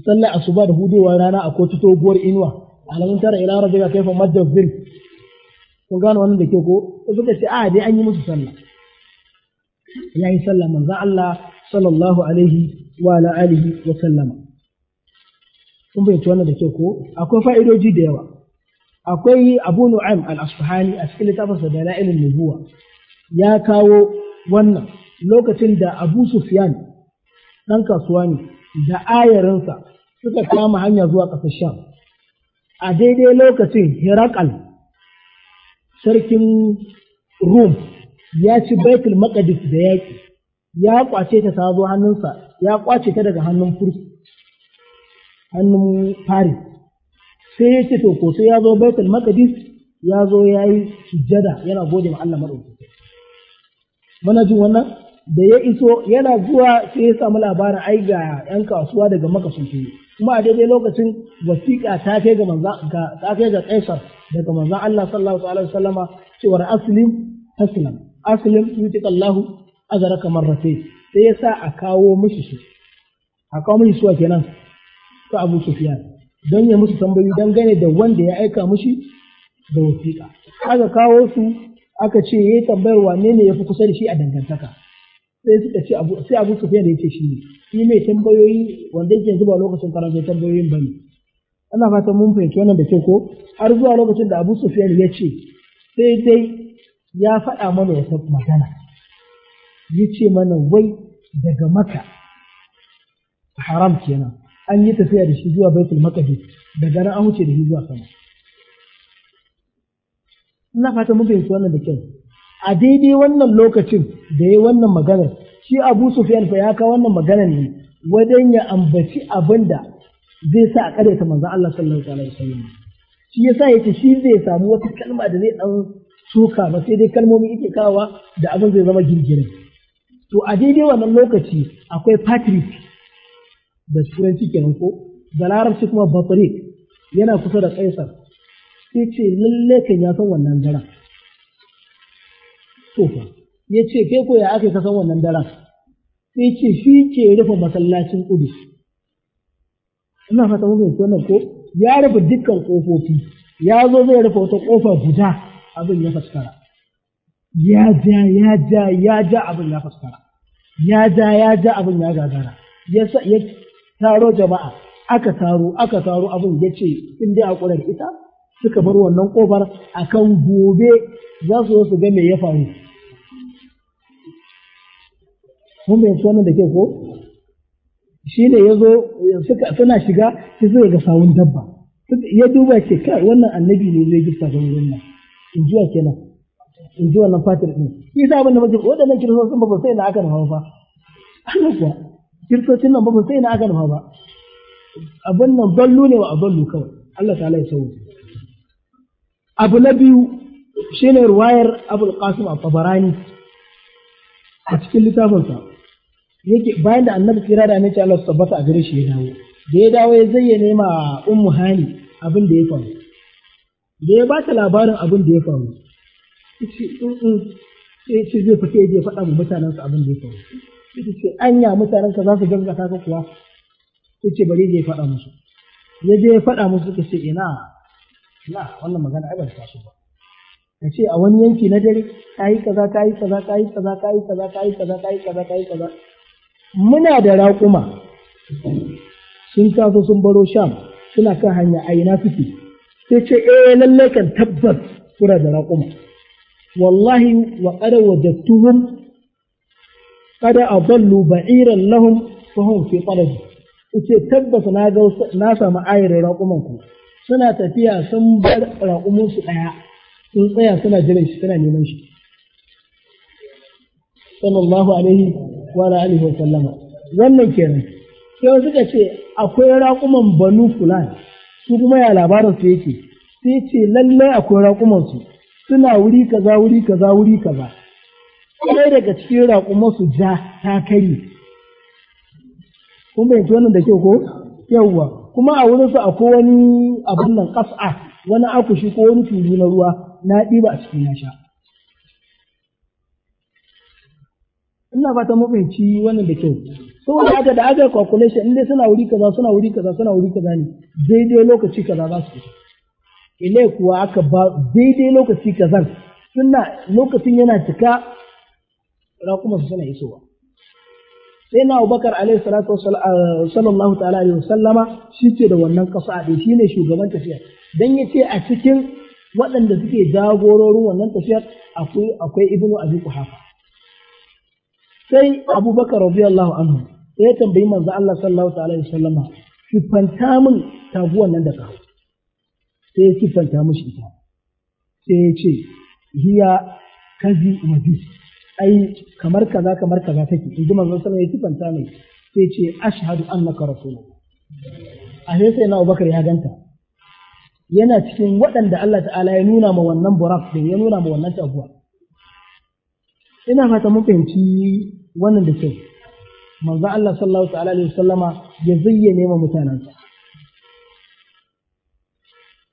sallar asuba da hudewa rana a kotu toguwar inuwa alamun tara ila rabbika kayfa madda zil kun gano wannan da ke ko suka ce a dai an yi musu sallah Ya yi sallah manzo Allah sallallahu alaihi wa ala alihi wa sallama kun bayyanci wannan da ke ko akwai fa'idoji da yawa akwai abu nu'aim al-asfahani a cikin littafinsa da la'ilin nubuwa ya kawo wannan lokacin da abu sufyan dan kasuwa ne da ayarinsa suka kama hanya zuwa ƙasar sham a daidai lokacin herakal sarkin rum ya ci baitul maqdis da yaƙi ya kwace ta hannunsa ya kwace ta daga hannun furs hannun fari sai ya ce to ko sai ya zo Baitul Maqdis ya zo ya yi sujjada yana gode ma Allah madaukaki muna jin wannan da ya iso yana zuwa sai ya samu labarin ai ga yan kasuwa daga maka sun fi kuma a daidai lokacin wasiƙa ta kai ga manza ta kai ga Kaisar daga manzon Allah sallallahu alaihi wasallama cewa aslim taslam aslim yutika Allah azraka marratayn sai ya sa a kawo mishi shi a kawo mishi suwa kenan su Abu Sufyan don ya musu tambayi gane da wanda ya aika mushi da wasiƙa aka kawo su aka ce ya yi tambayar wane ne fi kusa da shi a dangantaka sai suka ce Abu sai Abu da ya ce shi ne shi mai tambayoyi wanda yake zuba lokacin karanta tambayoyin bane ana fatan mun fahimci wannan da kyau ko har zuwa lokacin da Abu Sufyan ya ce sai dai ya faɗa mana ya magana ya ce mana wai daga maka haram kenan an yi tafiya da shi zuwa baitul maqdis daga nan an wuce da shi zuwa sama ina fata mun fahimci wannan da kyau a daidai wannan lokacin da ya wannan maganar shi Abu Sufyan fa ya ka wannan maganar ne wajen ya ambaci abinda zai sa a ta manzon Allah sallallahu alaihi wasallam shi yasa yace shi zai samu wata kalma da zai dan suka ba sai dai kalmomi yake kawa da abin zai zama girgire to a daidai wannan lokaci akwai Patrick da turanci kenan ko da larabci kuma batarik yana kusa da kaisar sai ce lalle kan ya san wannan daren to fa ya ce kai ko ya aka ka san wannan daren sai ce shi ke rufe masallacin kudu ina fata mun fahimci wannan ko ya rufe dukkan kofofi ya zo zai rufe wata kofa guda abin ya faskara ya ja ya ja ya ja abin ya faskara ya ja ya ja abin ya gagara ya taro jama'a aka taro aka taro abin ya ce in dai a ƙurar ita suka bar wannan ƙofar akan gobe za su zo su ga me ya faru mun bai wannan da ke ko shi ne ya zo suna shiga su suka ga sawun dabba ya duba ce kai wannan annabi ne zai gifta ga wurin nan in jiya kenan in ji wannan fatir din shi sa abin da muke waɗannan kiristoci ba sai na aka na hawa ba Allah kuwa kiristocin nan ba sai ina aka nufa ba abin nan ballo ne wa a ballo kawai Allah ta lai sau abu na biyu ne ruwayar abul qasim a tabarani a cikin littafinsa yake bayan da annabi kira da annabi Allah tabbata a gare shi ya dawo da ya dawo ya zayyane ma ummu hani abin da ya faru da ya bata labarin abin da ya faru shi zai fita ya je faɗa mu mutanen abin da ya faru suka ce anya mutanen ka za su gangata ka kuwa ce bari zai faɗa musu ya je ya faɗa musu suka ce ina ina wannan magana ai ba ta so ba ka ce a wani yanki na dare ka yi kaza ka yi kaza ka yi kaza ka yi kaza ka yi kaza ka yi kaza ka yi kaza muna da raƙuma sun taso sun baro sham suna kan hanya a ina suke sai ce eh lallai kan tabbas kuna da raƙuma wallahi wa qad wajadtuhum kada a ballu ba'iran lahum fahim fi talabi ce tabbas na ga na samu ayarin raƙuman ku suna tafiya sun bar raƙumin su ɗaya sun tsaya suna jiran shi suna neman shi sallallahu alaihi wa alihi wa sallama wannan kenan sai suka ce akwai raƙuman banu fulan su kuma ya labarin su yake sai ce lallai akwai raƙuman su suna wuri kaza wuri kaza wuri kaza ɗaya daga cikin raƙuma su ja ta kari. Kuma yanzu wannan da kyau ko yawwa kuma a wurinsu akwai wani abin nan ƙasa wani akushi ko wani tuzu na ruwa na ɗiba a cikin na sha ina fata mafinci wannan da kyau saboda aka da aka calculation inda suna wuri kaza suna wuri kaza suna wuri kaza ne daidai lokaci kaza za su ile kuwa aka ba daidai lokaci kaza suna lokacin yana cika raƙuma su suna isowa sai na abubakar alaihi salatu sallallahu ta'ala alaihi sallama shi ce da wannan ƙasa ɗin shi ne shugaban tafiyar dan ya ce a cikin waɗanda suke jagororin wannan tafiyar akwai akwai ibnu abi quhafa sai abubakar radiyallahu anhu sai ya tambayi manzo Allah sallallahu ta'ala alaihi wasallama fanta min taguwan nan da kawo sai ya sifanta mishi ita sai ya ce hiya kazi wa ai kamar kaza kamar kaza take in ji manzon sallallahu alaihi wasallam ya tifanta mai sai ce ashhadu annaka rasulullah a sai sai na Abubakar ya ganta yana cikin waɗanda Allah ta'ala ya nuna ma wannan buraf din ya nuna ma wannan tabuwa ina fata mun fahimci wannan da kyau manzo Allah sallallahu ta'ala alaihi wasallama ya zayyane ma mutanansa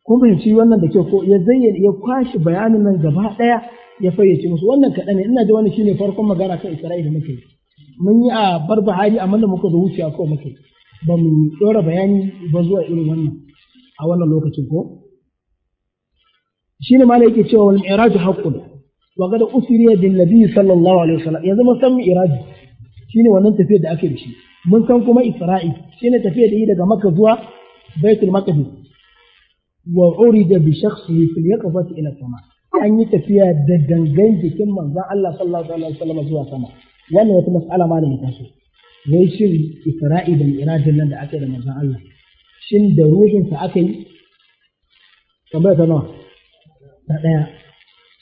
kun fahimci wannan da kyau ko ya zayyane ya kwashi bayanin nan gaba daya ya fayyace musu wannan kaɗan ne ina ji wani shine farkon magana kan isra'i da muke mun yi a barbahari a da muka zo wuce ko muke ba mu dora bayani ba zuwa irin wannan a wannan lokacin ko shine ma yake cewa wal mi'raj haqqun wa qad usriya bin nabiy sallallahu alaihi wasallam yanzu mun san mi'raj shine wannan tafiyar da ake da shi mun san kuma isra'il shine tafiyar da yi daga makka zuwa baitul maqdis wa urida bi shakhsihi fil yaqfati ila sama' an yi tafiya da gangan jikin manzan Allah sallallahu alaihi wasallam zuwa sama wannan wata mas'ala ma da mutasu wai shin isra'i da mi'rajin nan da aka yi da manzan Allah shin da ruhin sa aka yi kamar ta nawa ta daya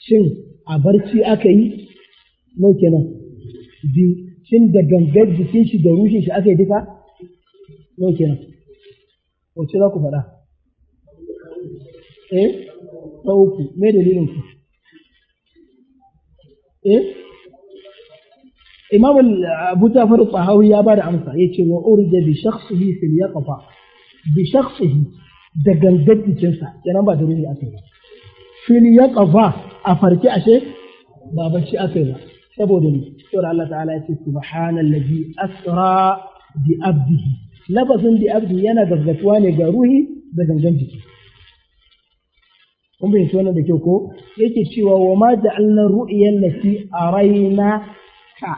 shin a barci aka yi nau kenan biyu shin da gangan jikin shi da rushin shi aka yi duka nau kenan wacce za ku faɗa eh na uku mai dalilin ku eh imam abu jafar tahawi ya bada amsa yace wa urida bi shakhsihi fil yaqfa bi shakhsihi da gangar jikinsa kenan ba da ruhi aka yi fil yaqfa a farki ashe ba bacci aka yi ba saboda ni saboda Allah ta'ala ya ce subhanallazi asra bi abdihi lafazin bi abdi yana gaggatuwa ne ga ruhi da gangan jiki kun bai wannan da kyau ko yake cewa wa ma da da fi a raina ka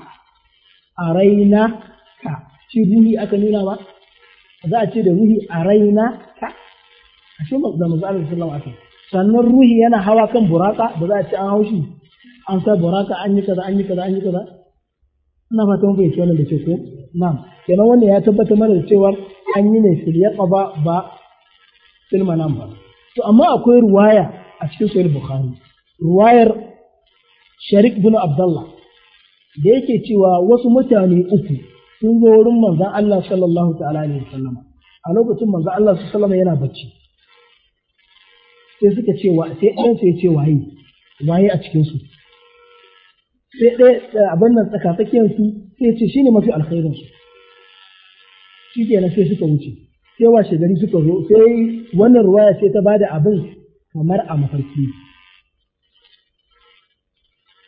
A raina ka shi ruhi aka nuna ba za a ce da ruhi a raina ka a shi da manzo Allah sallallahu alaihi sannan ruhi yana hawa kan buraka ba za a ce an haushi an sa buraka an yi kaza an yi kaza an yi kaza ina fata mun bai wannan da kyau ko na'am kenan wannan ya tabbatar mana da cewa an yi ne shirya yaqaba ba filma nan ba to amma akwai ruwaya a cikin sahih bukhari ruwayar sharik bin abdullah da yake cewa wasu mutane uku sun zo wurin manzon Allah sallallahu ta'ala alaihi wasallam a lokacin manzon Allah sallallahu yana bacci sai suka ce wa sai ɗan sai ce waye waye a cikin su sai ɗaya eh, abin nan tsaka tsakiyar su sai ce shine mafi alkhairin su shi kenan sai suka wuce sai washe gari suka zo sai wannan ruwaya sai ta bada abin kamar a mafarki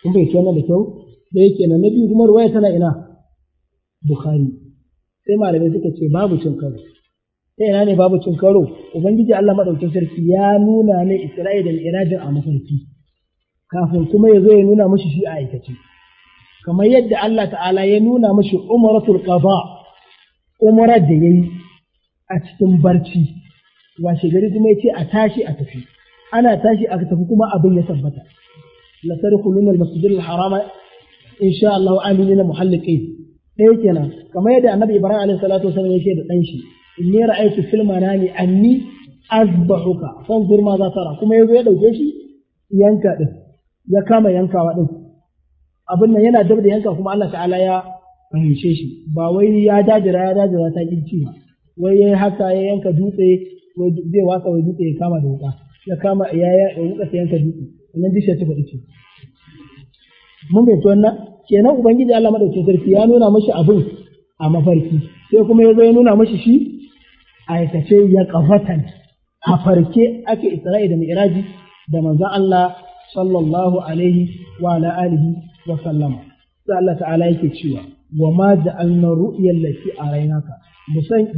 kun bai wannan da kyau da yake na biyu kuma ruwaya tana ina bukhari sai malamai suka ce babu cin karo sai ina ne babu cin karo ubangiji Allah madaukakin sarki ya nuna ne Isra'ila da Irajin a mafarki kafin kuma ya zo ya nuna mashi shi a aikace kamar yadda Allah ta'ala ya nuna mashi umaratul qada umarar da yayi a cikin barci washe gari kuma ya ce a tashi a tafi ana tashi a tafi kuma abin ya tabbata la tarkulun al-masjid al-harama insha Allah aminin muhalliqin ɗaya kenan kamar yadda annabi Ibrahim alaihi salatu wasallam yake da dan shi inni ra'aytu fil manami anni azbahuka fanzur ma za tara kuma yazo ya dauke shi yanka din ya kama yankawa din abin nan yana dab da yanka kuma Allah ta'ala ya fahimce shi ba wai ya dajira ya dajira ta kinci ba wai yayi haka ya yanka dutse zai wasa wai dutse ya kama da wuka ya kama ya ya wuka sai yanka dutse wannan dishar ta faɗi ce mun bai tuwanna kenan ubangiji Allah madauki sarki ya nuna mashi abin a mafarki sai kuma ya zo ya nuna mashi shi aikace ya kafatan a farke ake isra'i da mi'raji da manzon Allah sallallahu alaihi wa ala alihi wa sallama sai Allah ta'ala yake cewa wa ma ja'alna ru'yal lati araynaka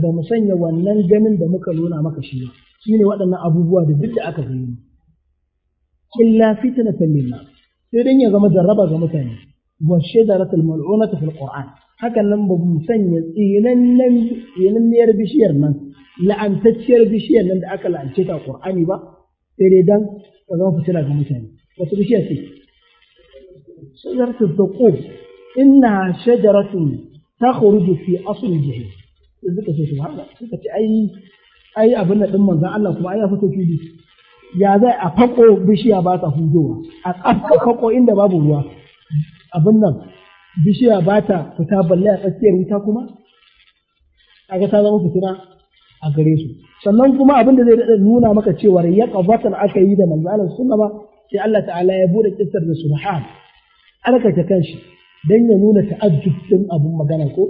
ba mu sanya wannan ganin da muka nuna maka shi ba shine waɗannan abubuwa da duk da aka zayyana illa fitnatan lillah sai dan ya zama jarraba ga mutane wa shajaratul mal'unata fil qur'an haka nan ba mu sanya tsinannen tsinanniyar bishiyar nan la'antacciyar bishiyar nan da aka la'ance ta qur'ani ba sai dai dan ka zama fitina ga mutane wata bishiya ce shajaratul taqu inna shajaratun takhruju fi asl jahannam sai suka ce subhana suka ce ai ai abin da ɗin manzon Allah kuma ai ya fito fili ya zai a fako bishiya ba ta hudowa a ƙasa fako inda babu ruwa abin nan bishiya ba ta fita balle a tsakiyar wuta kuma a ga ta zama fitina a gare su sannan kuma abin da zai daɗa nuna maka cewa ya ƙabatar aka yi da manzalar sunna ba sai Allah ta'ala ya bude kisar da subhan alkata kanshi don ya nuna ta'ajjub din abun magana ko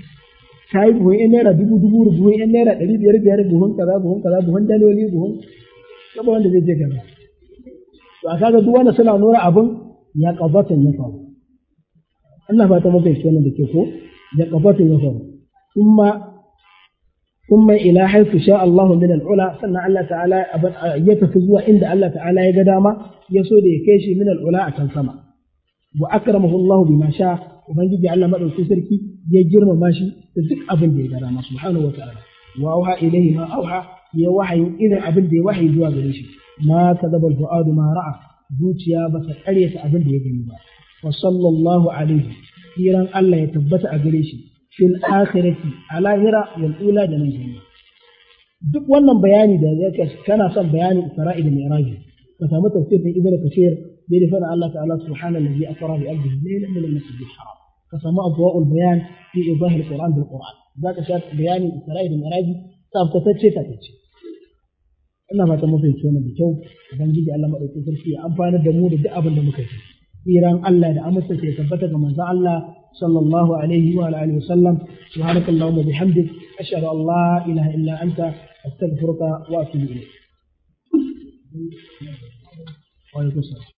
ta yi buhun yan naira dubu dubu buhun yan naira ɗari biyar biyar buhun kaza buhun kaza buhun daloli buhun saboda wanda zai je gaba to a kaga duk wanda suna nura abin ya kabata ya faru Allah ba ta mafi kenan da ke ko ya kabata ya faru kuma kuma ila haifu sha Allahu min al'ula sannan Allah ta'ala ya tafi zuwa inda Allah ta'ala ya ga dama ya so da ya kai shi min al'ula a can sama wa akramahu Allah bima sha ubangiji Allah madaukakin sarki ya girmama shi da duk abin da ya gara masu subhanahu wata'ala wa auha ilayhi ma auha ya wahayi irin abin da ya wahayi zuwa gare shi ma kadaba fuadu ma ra'a zuciya ba ta karyata abin da ya gani ba wa sallallahu alaihi hiran Allah ya tabbata a gare shi fil akhirati a lahira wal ula da nan duniya duk wannan bayani da ya zai kana son bayanin Isra'il da Mi'raj ka samu tafsirin Ibn Kathir da ya fara Allah ta'ala subhanahu wa ta'ala asra bi abdihi laylan min al-masjidil haram ka samu abwaul bayan fi idahil qur'an bil qur'an zaka sha bayani isra'i da miraji tabbatacce tabbatacce ina fata mu fahimci wannan da kyau ubangiji Allah madaukakin sarki ya amfana da mu da duk abin da muka yi tsiran Allah da amsa ke tabbata ga manzon Allah sallallahu alaihi wa alihi wa sallam subhanakallahumma bihamdik ashhadu an la ilaha illa anta astaghfiruka wa atubu ilayk wa